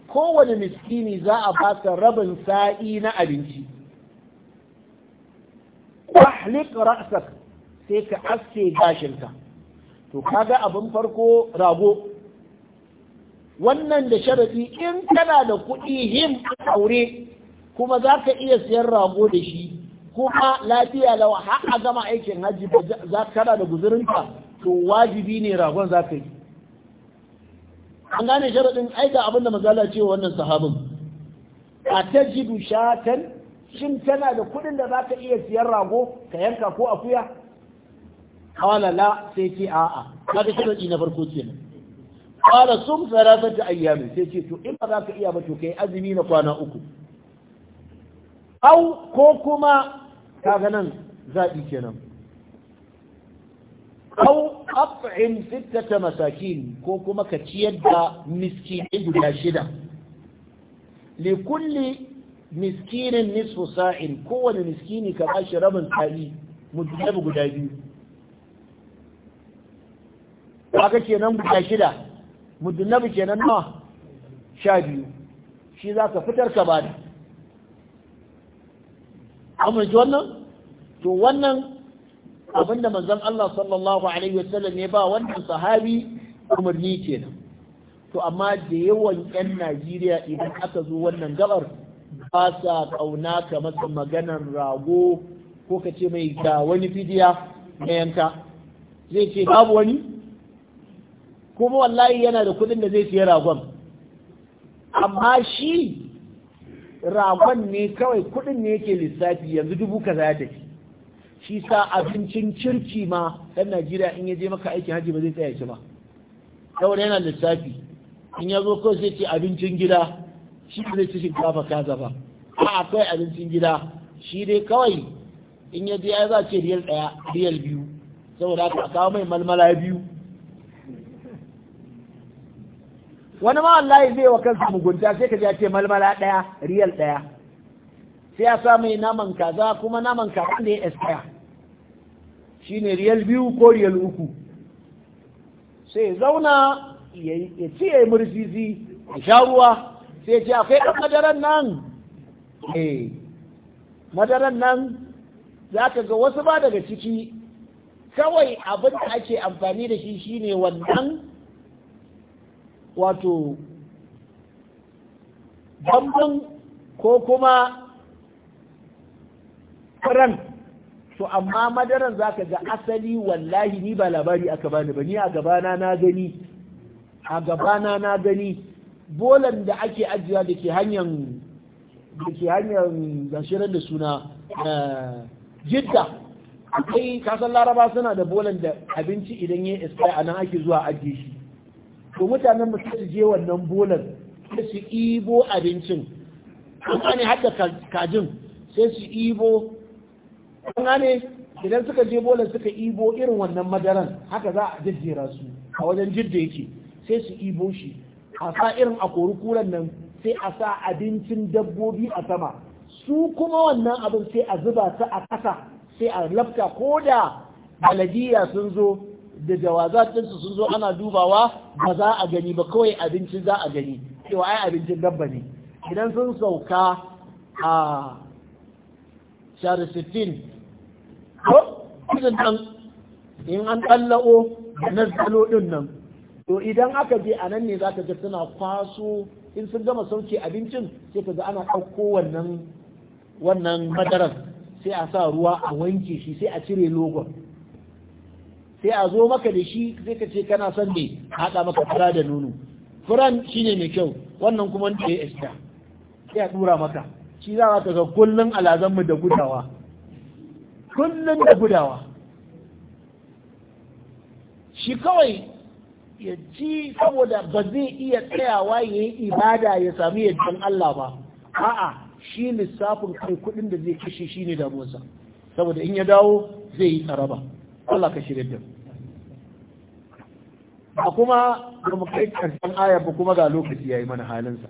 kowane miskini za a baka rabin sa'i na abinci wahlik ra'sak sai ka aske gashinka to kaga abin farko rago wannan da sharafi in kana da kuɗi him aure kuma za ka iya siyan rago da shi kuma lafiya lawa har a gama aikin hajji za kana da guzurinka to wajibi ne ragon za ka yi an gane sharaɗin aika abin da mazala ce wannan sahabin a ta jidu shatan shin tana da kuɗin da za ka iya siyan rago ka yanka ko akuya kawala la sai ce a'a ka sharaɗi na farko kenan kawala sun ta ayyami sai ce to in ba za ka iya ba to kai azumi na kwana uku au ko kuma kaga nan zaɓi kenan au at'im sittata masakin ko kuma ka ciyar da miskinai guda shida li kulli miskinin nisfu sa'in kowane miskini ka bashi rabin sa'i mujabu guda biyu aka ce nan guda shida ke nan nawa sha biyu shi za ka fitar ka bada amince wannan to wannan abinda manzon Allah sallallahu alaihi wasallam ya ba wannan sahabi umarni kenan to amma da yawan 'yan Najeriya idan aka zo wannan gabar ba sa kauna ka masa maganar rago ko ka ce mai ga wani fidiya na yanka zai ce babu wani kuma wallahi yana da kudin da zai siya ragon amma shi ragon ne kawai kudin ne yake lissafi yanzu dubu kaza ya tafi shi sa abincin kirki ma ɗan Najeriya in ya je maka aikin haji ba zai tsaya ci ba saboda yana lissafi in ya zo kawai sai ce abincin gida shi zai ci shinkafa kaza ba a akwai abincin gida shi dai kawai in ya je ya za ce riyal ɗaya riyal biyu saboda haka kawo mai malmala biyu wani ma Allah zai wa kansa mugunta sai ka ce malmala ɗaya riyal ɗaya sai ya sa mai naman kaza kuma naman kaza ne ya Shi ne riyal biyu ko riyal uku sai zauna ya ci ya yi murzizi ya sha ruwa sai ce akwai ɗan madaran nan eh madaran nan za ka ga wasu ba daga ciki kawai abin da ake amfani da shi shine wannan wato bambam ko kuma ran to amma madaran zaka ga asali wallahi ni ba labari aka bani ba ni a gabana na gani a gabana na gani bolan da ake ajiya da ke hanyar da ke hanyar gashirar da suna eh, jidda akwai kasan laraba suna da bolan da abinci idan ya iska a nan ake zuwa ajiye shi to mutanen mu su je wannan bolan sai su ibo abincin Kuma ne hadda kajin sai su ibo kun gane idan suka je bola suka ibo irin wannan madaran haka za a jejjera su a wajen jidda yake sai su ibo shi a sa irin a kori nan sai a sa abincin dabbobi a sama su kuma wannan abin sai a zuba ta a ƙasa sai a lafta ko da baladiya sun zo da jawaza ɗinsu sun zo ana dubawa ba za a gani ba kawai abincin za a gani cewa ai abincin dabba ne idan sun sauka a ko irin nan in an tsallao da nazzalo ɗin nan to idan aka je a nan ne za ka ga suna kwaso in sun gama sauke abincin sai ka ga ana ɗauko wannan wannan madarar sai a sa ruwa a wanke shi sai a cire logon sai a zo maka da shi sai ka ce kana son me haɗa maka fura da nono furan shine mai kyau wannan kuma da ya sai a ɗura maka shi za ka ga kullum alazanmu da gudawa kullum da gudawa shi kawai ya ji saboda ba zai iya tsayawa ya yi ibada ya sami yadda Allah ba a'a shi lissafin kai kudin da zai kashe shi ne damuwarsa saboda in ya dawo zai yi tsaraba Allah ka shirya da a kuma da mu kai karshen aya ba kuma ga lokaci ya yi mana halinsa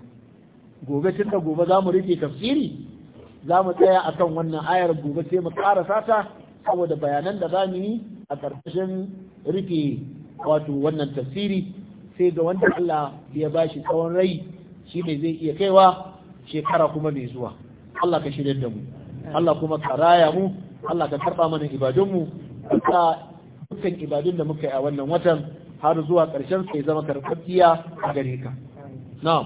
gobe tun da gobe za mu rike tafsiri za mu tsaya a kan wannan ayar gobe sai mu ƙara sata saboda bayanan da za mu yi a ƙarƙashin rufe wato wannan tasiri sai ga wanda Allah ya ba shi tsawon rai shi ne zai iya kaiwa shekara kuma mai zuwa Allah ka shirya da mu Allah kuma ka raya mu Allah ka karɓa mana ibadunmu ka sa dukkan ibadun da muka yi a wannan watan har zuwa ƙarshen sai zama karɓaɓɓiya a gare ka na'am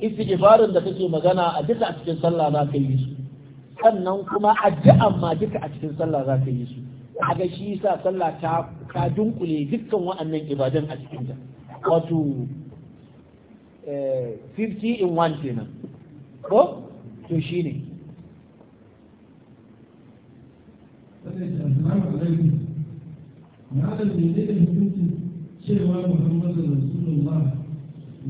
istighfarin da kake magana a duka a cikin sallah za ka yi su sannan kuma addu'an ma duka a cikin sallah za ka yi su kaga shi yasa sallah ta ta dunkule dukkan wa'annan ibadan a cikin ta wato 50 in one kenan ko to shine ma'adar da ya cewa muhammadu rasulullah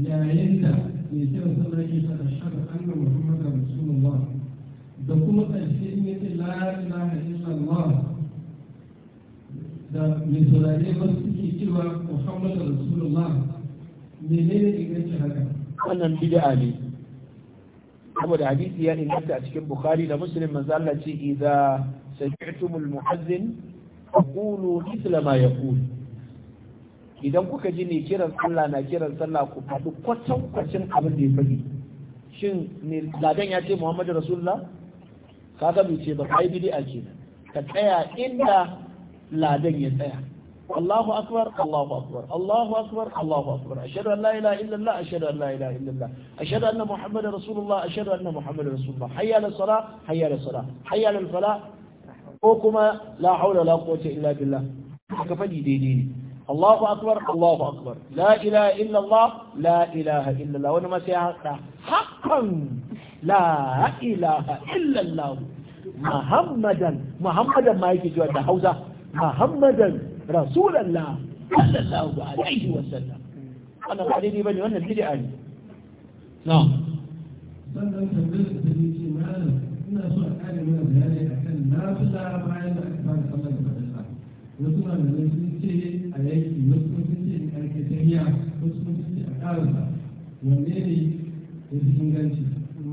yayin da mai kira sallah ya ta ashhadu anna muhammadar rasulullah da kuma ƙarshe in yake la ilaha illallah da mai saurare ba suke cewa muhammadar rasulullah menene ingancin haka wannan bid'a ne saboda hadisi ya inganta a cikin bukhari da muslim manzo Allah ce idza sami'tumul mu'azzin faqulu mithla ma yaqulu idan kuka ji ne kiran sallah na kiran sallah ku faɗi kwatan kwacin abin da ya faɗi shin ne ladan ya ce muhammadu rasulullah kaga bai ce ba kai bid'a kenan ka tsaya inda ladan ya tsaya Allahu akbar Allahu akbar Allahu akbar Allahu akbar ashhadu an la ilaha illallah ashhadu an la ilaha illallah ashhadu anna muhammadar rasulullah ashhadu anna muhammadar rasulullah hayya lis salah hayya lis salah hayya lil falah ko kuma la haula la quwwata illa billah ka fadi daidai ne الله أكبر الله أكبر لا إله إلا الله لا إله إلا الله وأنا ما حقا لا إله إلا الله محمدا محمدا ما يجي جوا حوزة محمدا رسول الله صلى الله عليه وسلم أنا بعدين بني وأنا بدي أنا نعم sannan نعم. ce a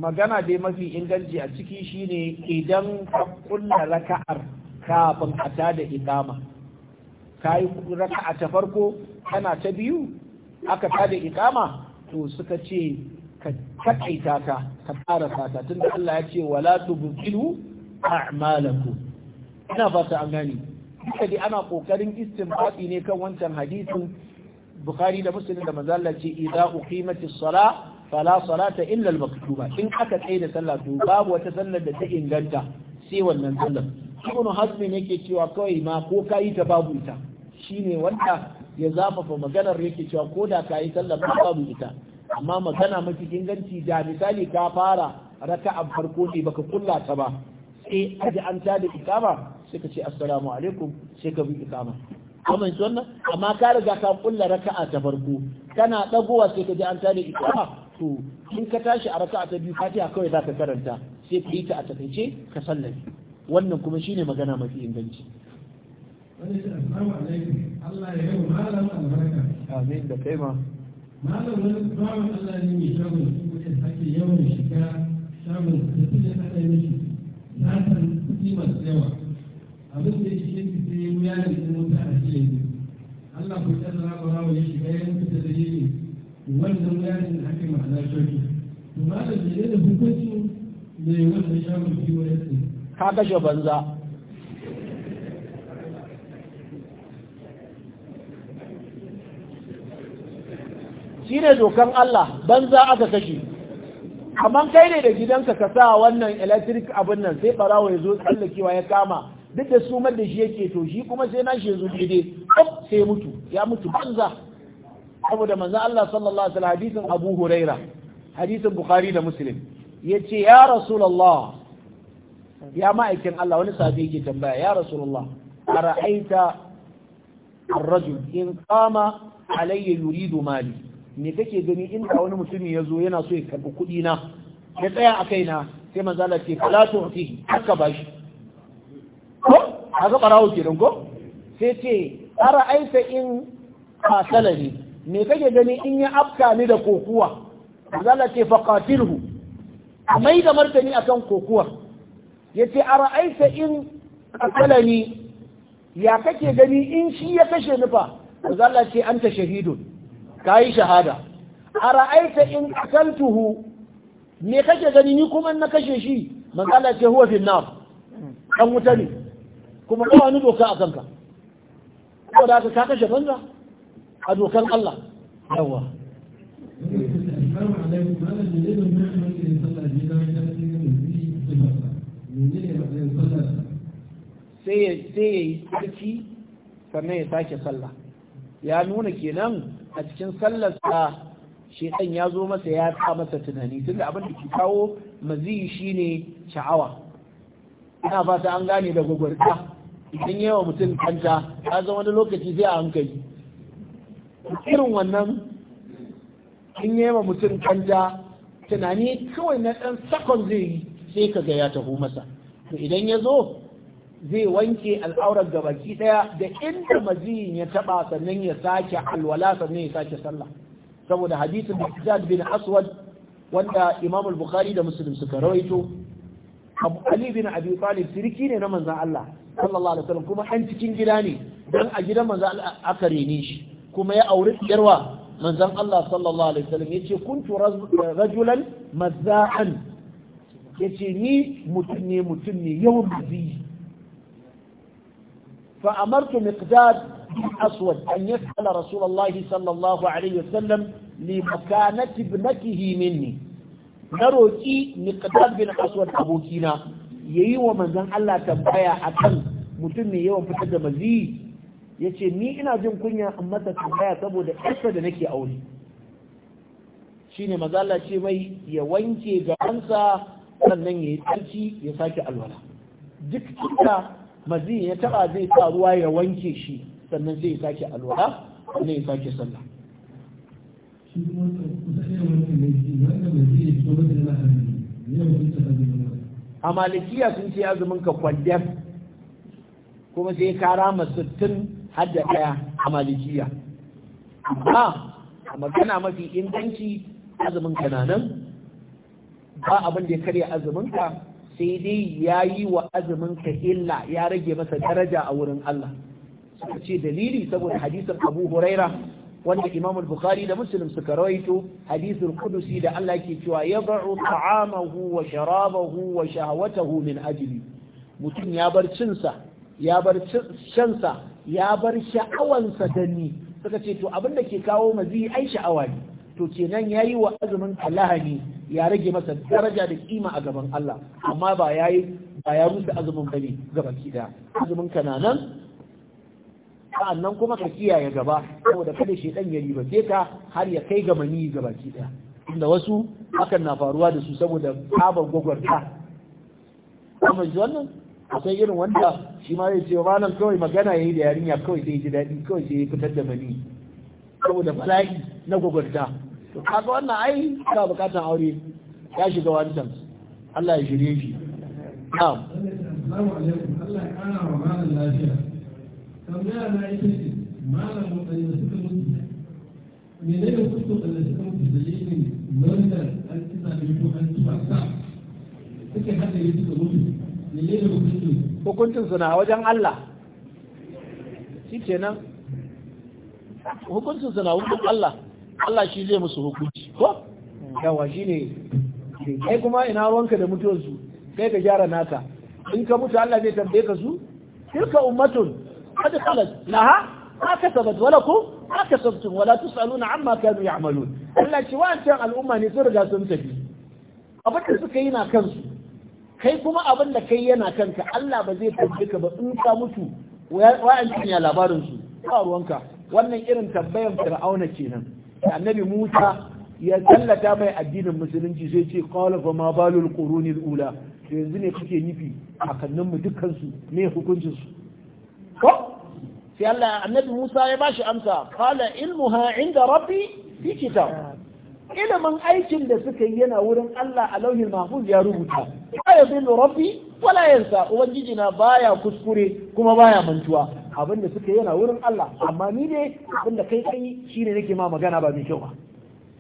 magana dai mafi inganci a ciki shine idan ka kulla raka'ar kafin a tada iqama kayi raka'a ta farko kana ta biyu aka da iqama to suka ce ka takaita ta ka fara fata, tunda Allah ya ce wala tubtilu a'malakum ina fata an gani duka ana kokarin istinbati ne kan wancan hadisin bukhari da muslim da manzo Allah ce idza uqimati as-sala fala salata illa al-maktuba in aka tsaye da sallah to babu wata sallar da ta inganta sai wannan sallar ibn hazm yake cewa kawai ma ko kai ta babu ita shine wanda ya zafafa maganar yake cewa ko da kai sallar babu ita amma magana mafi inganci da misali ka fara raka'a farko ne baka kulla ta ba katse aji an tada ikama sai ka ce assalamu alaikum sai ka bi ikama kamar shi wannan amma ka riga ka kulla raka'a ta farko kana dagowa sai ka ji an tada ikama to in ka tashi a raka'a ta biyu fatiha kawai za ka karanta sai ka yi ta a takaice ka sallami wannan kuma shine magana mafi inganci Allah ya yi malam albarka. Amin da kai ma. Malam wani bawan Allah ne mai shagon su kuɗin sake yawan shiga shagon da suke ne aka yi mishi bukatar kuɗi masu yawa abin da wuya da mutu a shi yanzu Allah ku ta zara ba rawa ya shiga da yi wannan wuya da ma'ana shoki to da jere da wannan kiwo ya ce ka kashe banza shi ne dokan Allah banza aka kashe amma kai ne da gidanka ka sa wannan electric abin nan sai barawo ya zo tsallakewa ya kama duk da su da shi yake to shi kuma sai na shi ya zo daidai sai mutu ya mutu banza da manzo Allah sallallahu alaihi wasallam hadisin Abu Huraira hadisin Bukhari da Muslim yace ya Rasulullah ya ma'aikin Allah wani sahabi yake tambaya ya Rasulullah ara'aita الرجل إن قام علي يريد مالي me kake gani inda wani mutumi ya zo yana so ya karɓi kuɗi na ya tsaya a kaina sai manzo ce la tu'tihi haka ba shi. ko haka ke don ko sai ce ara aita in kasala ne me kake gani in ya afka ni da kokuwa manzo Allah ce faqatilhu mai da martani akan kokuwa yace ara aita in kasala ni ya kake gani in shi ya kashe ni fa manzo Allah ce anta shahidun kayi shahada ara'aita in qataltuhu me kake gani ni kuma na kashe shi manzala ce huwa fi nar kan wuta ne kuma ba wani doka a kanka ko da ka kashe banza a dokan Allah yawa sai ya yi tsarki sannan ya sake sallah ya nuna kenan a cikin sallarsa shekan ya zo masa ya sa masa tunani tunda abin da ke kawo shi ne sha'awa ina fata an gane da gwagwarta idan yawa mutum kanta a zama wani lokaci zai a hankali irin wannan in yawa mutum kanta tunani kawai na ɗan sakon zai yi sai ka ga ya taho masa to idan ya zo zai wanke al'aurar gabaki daya da inda maziyin ya taba sannan ya sake alwala sannan ya sake sallah saboda hadisin Hajjaj bin Aswad wanda Imam al-Bukhari da Muslim suka rawaito Abu Ali bin Abi Talib sirki ne na manzon Allah sallallahu alaihi wasallam kuma an cikin gida ne dan a gidan manzon Allah aka rene shi kuma ya auri yarwa manzon Allah sallallahu alaihi wasallam yace kuntu rajulan mazza'an yace ni mutum ne mutum ne yawan maziyi فأمرت مقداد الأسود أن يسأل رسول الله صلى الله عليه وسلم لمكانة ابنته مني نروكي مقداد بن أسود أبوكينا yayi wa manzon Allah tambaya akan mutum mai yawan fitar da mazi yace ni ina jin kunya in masa tambaya saboda yarsa da nake aure shine manzo Allah ce mai ya wanke gabansa sannan yayi tsarki ya sake alwala duk mazi ya taba zai sa ruwa ya wanke shi sannan zai sake alwala sannan ya sake sallah a malikiya sun ce azumin ka kwandem kuma sai kara masu sittin hada daya ɗaya a malikiya amma a magana mafi inganci azumin ka na nan ba abin da ya karya azumin ka sai dai ya yi wa azumin ka illa ya rage masa daraja a wurin Allah suka ce dalili saboda hadisin Abu Huraira wanda Imam Bukhari da Muslim suka rawaito hadisul qudusi da Allah ke cewa yad'u ta'amahu wa sharabahu wa shahawatahu min ajli mutum ya bar cinsa ya bar sa, ya bar sha'awansa da ni suka ce to abin da ke kawo mazi ai sha'awa ne to kenan yayi wa azumin lahani. ya rage masa daraja da kima a gaban Allah amma ba ya yi ba ya rusa azumin bane gaba da azumin ka na nan sa'annan kuma ka kiyaye gaba saboda kada shi dan ya ribace ka har ya kai ga mani gaba da inda wasu hakan na faruwa da su saboda kabar gwagwarta amma wannan akwai irin wanda shi ma zai ce nan kawai magana yayi da yarinya kawai sai ji daɗi kawai sai fitar da mani saboda bala'i na gwagwarta to kaga wannan ai ka bukatar aure ya shiga wancan Allah ya shirye shi na'am assalamu alaikum Allah ya kana wa malam lafiya tambaya na ita ce malam mutane da suka mutu me ne da kuka da suka mutu dalilin wanda an kisa da ko an tuba sa suka hada yi suka mutu me ne da hukuncin hukuncin suna wajen Allah shi kenan hukuncin suna wajen Allah Allah shi zai musu hukunci ko yawa shine kai kuma ina wanka da mutuwar su kai ka gyara naka in ka mutu Allah zai tambaye ka su tilka ummatun qad khalat laha ma kasabat wa lakum ma kasabtum wa la tusaluna amma kanu ya'malun Allah shi wancan al'umma ne sun riga sun tafi abin suka yi na kansu kai kuma abin da kai yana kanka Allah ba zai tambaye ka ba in ka mutu wa'an ya labarin su ba ruwanka wannan irin tambayan fir'auna kenan da annabi Musa ya tallata mai addinin musulunci sai ce qala fa ma balul qurunil ula to yanzu ne kuke nufi akannin mu dukkan su me hukuncin su ko sai Allah annabi Musa ya bashi amsa qala ilmuha inda rabbi fi kitab ilimin aikin da suka yi yana wurin Allah a lauhin mahfuz ya rubuta ba ya rabbi wala yansa ubangiji na baya kuskure kuma baya mantuwa abin da suka yana wurin Allah amma ni ne abin da kai kai shine nake ma magana ba mai kyau ba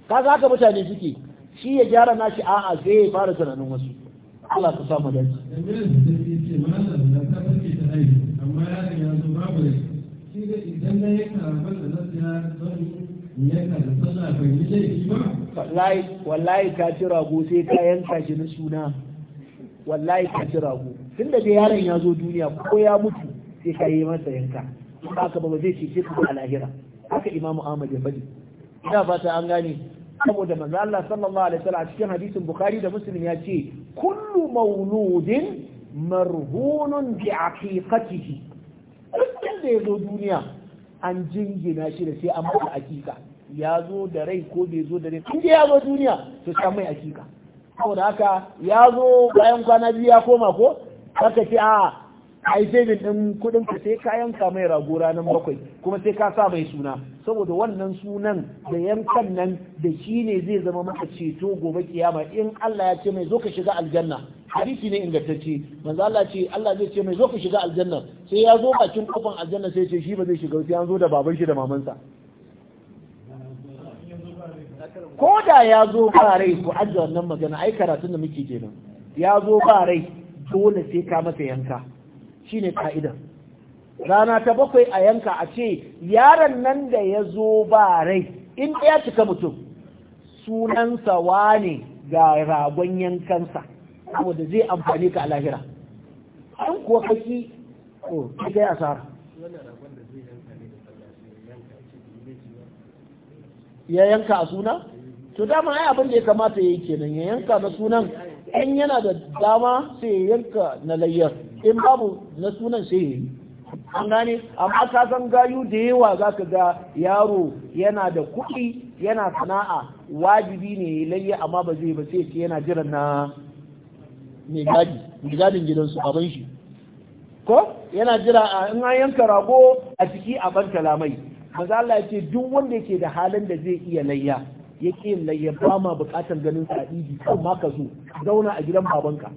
kaga haka mutane suke shi ya gyara nashi a'a sai ya fara tunanin wasu Allah ka samu dace amma ya zo babu shi da na da wallahi wallahi ka ci rago sai ka yanka shi na suna wallahi ka ci rago tun da dai yaron ya zo duniya ko ya mutu sai ka yi masa yanka haka ba ba zai cece ka a lahira haka imamu ahmad ya faɗi ina fata an gane saboda manzo Allah sallallahu alaihi wasallam cikin hadisin bukhari da muslim ya ce kullu mauludin marhunun bi aqiqatihi kullun da yazo duniya an jingina shi da sai an masa aqiqa ya zo da rai ko bai zo da rai in ya zo duniya to sai mai aqiqa saboda haka ya zo bayan kwana biyu ya koma ko haka ce a ai saving din kudin ka sai ka yanka mai rago ranar bakwai kuma sai ka sa mai suna saboda wannan sunan da yankan nan da shi ne zai zama maka ceto gobe kiyama in Allah ya ce mai zo ka shiga aljanna hadisi ne ingantacce manzo Allah ce Allah zai ce mai zo ka shiga aljanna sai ya zo bakin kofar aljanna sai ce shi ba zai shiga sai an zo da baban shi da mamansa ko da ya zo ba rai ku ajiye wannan magana ai karatun da muke kenan ya zo ba rai dole sai ka masa yanka shine ka'idar rana ta bakwai a yanka a ce yaron nan da ya zo ba rai in ɗaya cika mutum sunansa wa ne ga ragon yankansa wadda zai amfani ka a lahira kuwa kaki ko kai asara ya yanka a suna to dama ai abinda ya kamata ya yi kenan ya yanka na sunan in yana da dama sai yanka na layyar in babu na sunan sai yi an gane amma ka san gayu da yawa za ka ga yaro yana da kuɗi yana sana'a wajibi ne ya layya amma ba zai ba sai ce yana jiran na mai gadi mai gadin gidansu baban shi ko yana jira in an yanka rago a ciki a ban kalamai maza Allah ya ce duk wanda yake da halin da zai iya layya ya ƙi layya ba ma buƙatar ganin ka idi kan ma ka zo zauna a gidan babanka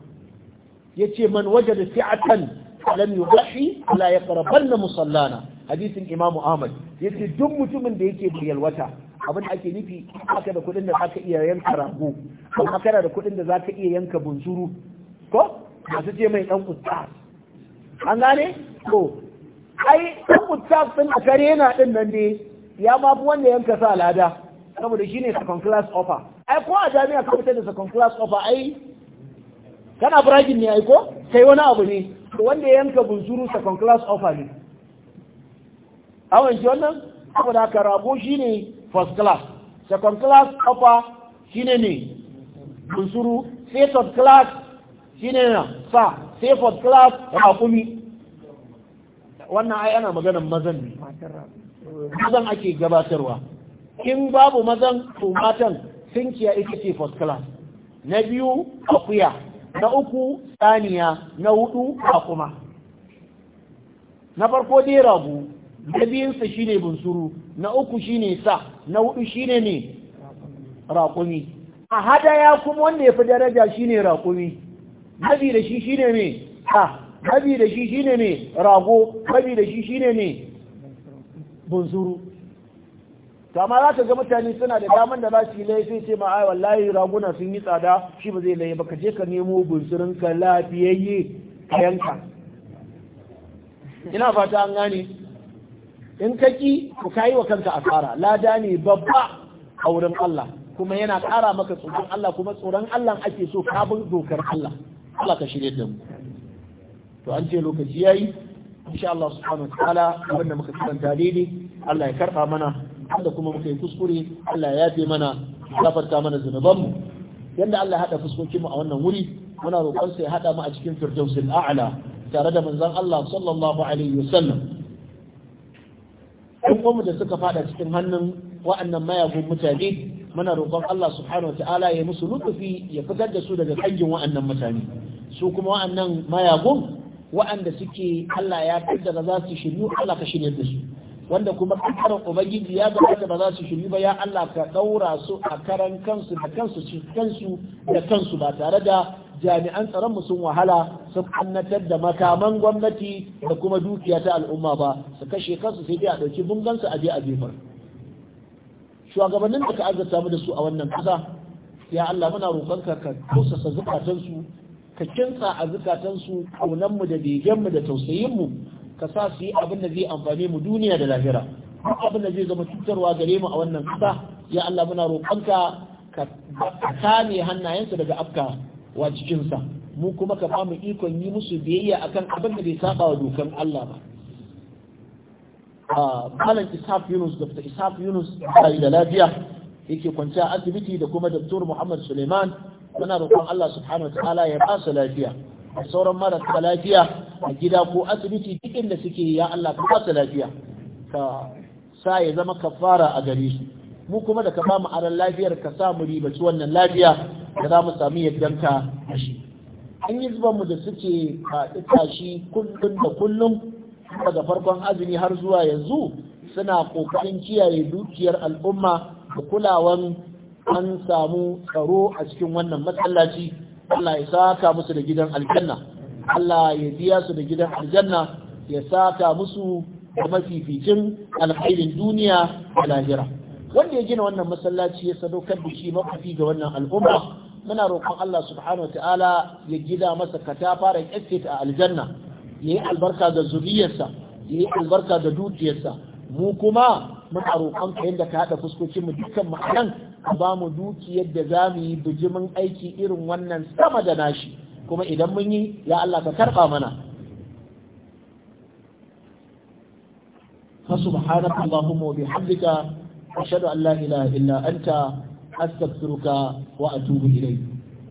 ya ce man waje da fi'atan lam yuhashi la yaqrabanna musallana hadisin imamu ahmad ya ce duk mutumin da yake da wata abin da ake nufi haka da kuɗin da zaka iya yanka rago amma kana da kuɗin da zaka iya yanka bunzuru ko masu ce mai dan ustaz an gane ko ai dan ustaz din a kare na din nan dai ya ma wanda yanka sa lada saboda shi ne second class offer ai ko a jami'a ka fitar da second class offer ai kana bragging ne ai ko kai wani abu ne wanda ya yanka bunzuru second class offer ne awon shi wannan saboda rabo shi ne first class second class offer shi ne ne bunzuru sai third class shi ne na sa sai fourth class rakumi wannan ai ana maganar mazan ne mazan ake gabatarwa in babu mazan to matan sinkiya ita ce first class na biyu akuya na uku saniya na hudu akuma na farko dai rabu na biyunsa ne bunsuru na uku shi ne sa na hudu shi ne rakumi. a hadaya kuma wanda ya fi daraja ne rakumi nabi da shi shi ne ha nabi da shi shi ne rago nabi da shi ne ne bunsuru to amma za ka ga mutane suna da daman da za su yi laifi ce ma ai wallahi raguna sun yi tsada shi ba zai laifi ba ka je ka nemo gunsurin ka lafiyayye a yanka ina fata an gane in ka ki ku kayi wa kanka asara lada ne babba a wurin Allah kuma yana ƙara maka tsoron Allah kuma tsoron Allah ake so ka bin dokar Allah Allah ka shirye da mu to an ce lokaci yayi insha Allah subhanahu wa ta'ala abinda muka tsanta daidai Allah ya karba mana da kuma muka yi kuskure Allah ya yafe mana gafarta mana zunubanmu yanda Allah hada fuskokin mu a wannan wuri muna roƙon sai hada mu a cikin firdausil a'la tare da manzon Allah sallallahu alaihi wasallam kuma da suka fada cikin hannun wa'annan mayagun mutane muna roƙon Allah subhanahu ta'ala ya musu lutufi ya fitar da su daga kangin wa'annan mutane su kuma wa'annan mayagun wa'anda suke Allah ya kaddara za su shiryu Allah ka shirye da su wanda kuma kakkarar ubangiji ya gabata ba za su shiri ba ya Allah ka ɗaura su a karan kansu da kansu ci kansu da kansu ba tare da jami'an tsaronmu sun wahala sun annatar da makaman gwamnati da kuma dukiya ta al'umma ba su kashe kansu sai dai a ɗauki bungansu a je a jefar shugabannin da ka azurta mu da su a wannan ƙasa ya Allah muna roƙon ka kusasa zukatansu ka kinsa a zukatansu kaunanmu da begenmu da tausayinmu ka sa su yi abin da zai amfane mu duniya da lahira duk abin da zai zama cutarwa gare mu a wannan kasa ya Allah muna roƙonka ka kame hannayensa daga afka wa cikinsa mu kuma ka bamu ikon yi musu biyayya akan abin da bai saba wa dokan Allah ba Malam Ishaq Yunus Dr. Ishaq Yunus bai da lafiya yake kwanciya asibiti da kuma Dr. Muhammad Suleiman muna roƙon Allah subhanahu wa ta'ala ya ba su lafiya da sauran marasa lafiya a gida ko asibiti duk inda suke ya Allah ka ba su lafiya ka sa ya zama kafara a gare su mu kuma da ka ba mu aran lafiyar ka sa mu ribaci wannan lafiya da za mu sami yaddanka a shi an yi zuban mu da suke haɗu tashi kullum da kullum daga farkon azumi har zuwa yanzu suna ƙoƙarin kiyaye dukiyar al'umma da kulawan an samu tsaro a cikin wannan masallaci Allah ya saka musu da gidan aljanna Allah ya biya su da gidan aljanna ya saka musu da mafificin alhairin duniya da lahira wanda ya gina wannan masallaci ya sadaukar da shi mafafi ga wannan al'umma muna roƙon Allah subhanahu ta'ala ya gida masa katafaren estate a aljanna ya yi albarka da zuriyarsa ya yi albarka da dukiyarsa mu kuma muna roƙon ka yadda ka haɗa fuskokinmu dukkan ma'anan a ba mu dukiyar da za mu yi bijimin aiki irin wannan sama da nashi kuma idan mun yi ya Allah ka karɓa mana fa subhanaka allahumma wa bihamdika ashhadu an la ilaha illa anta astaghfiruka wa atubu ilayk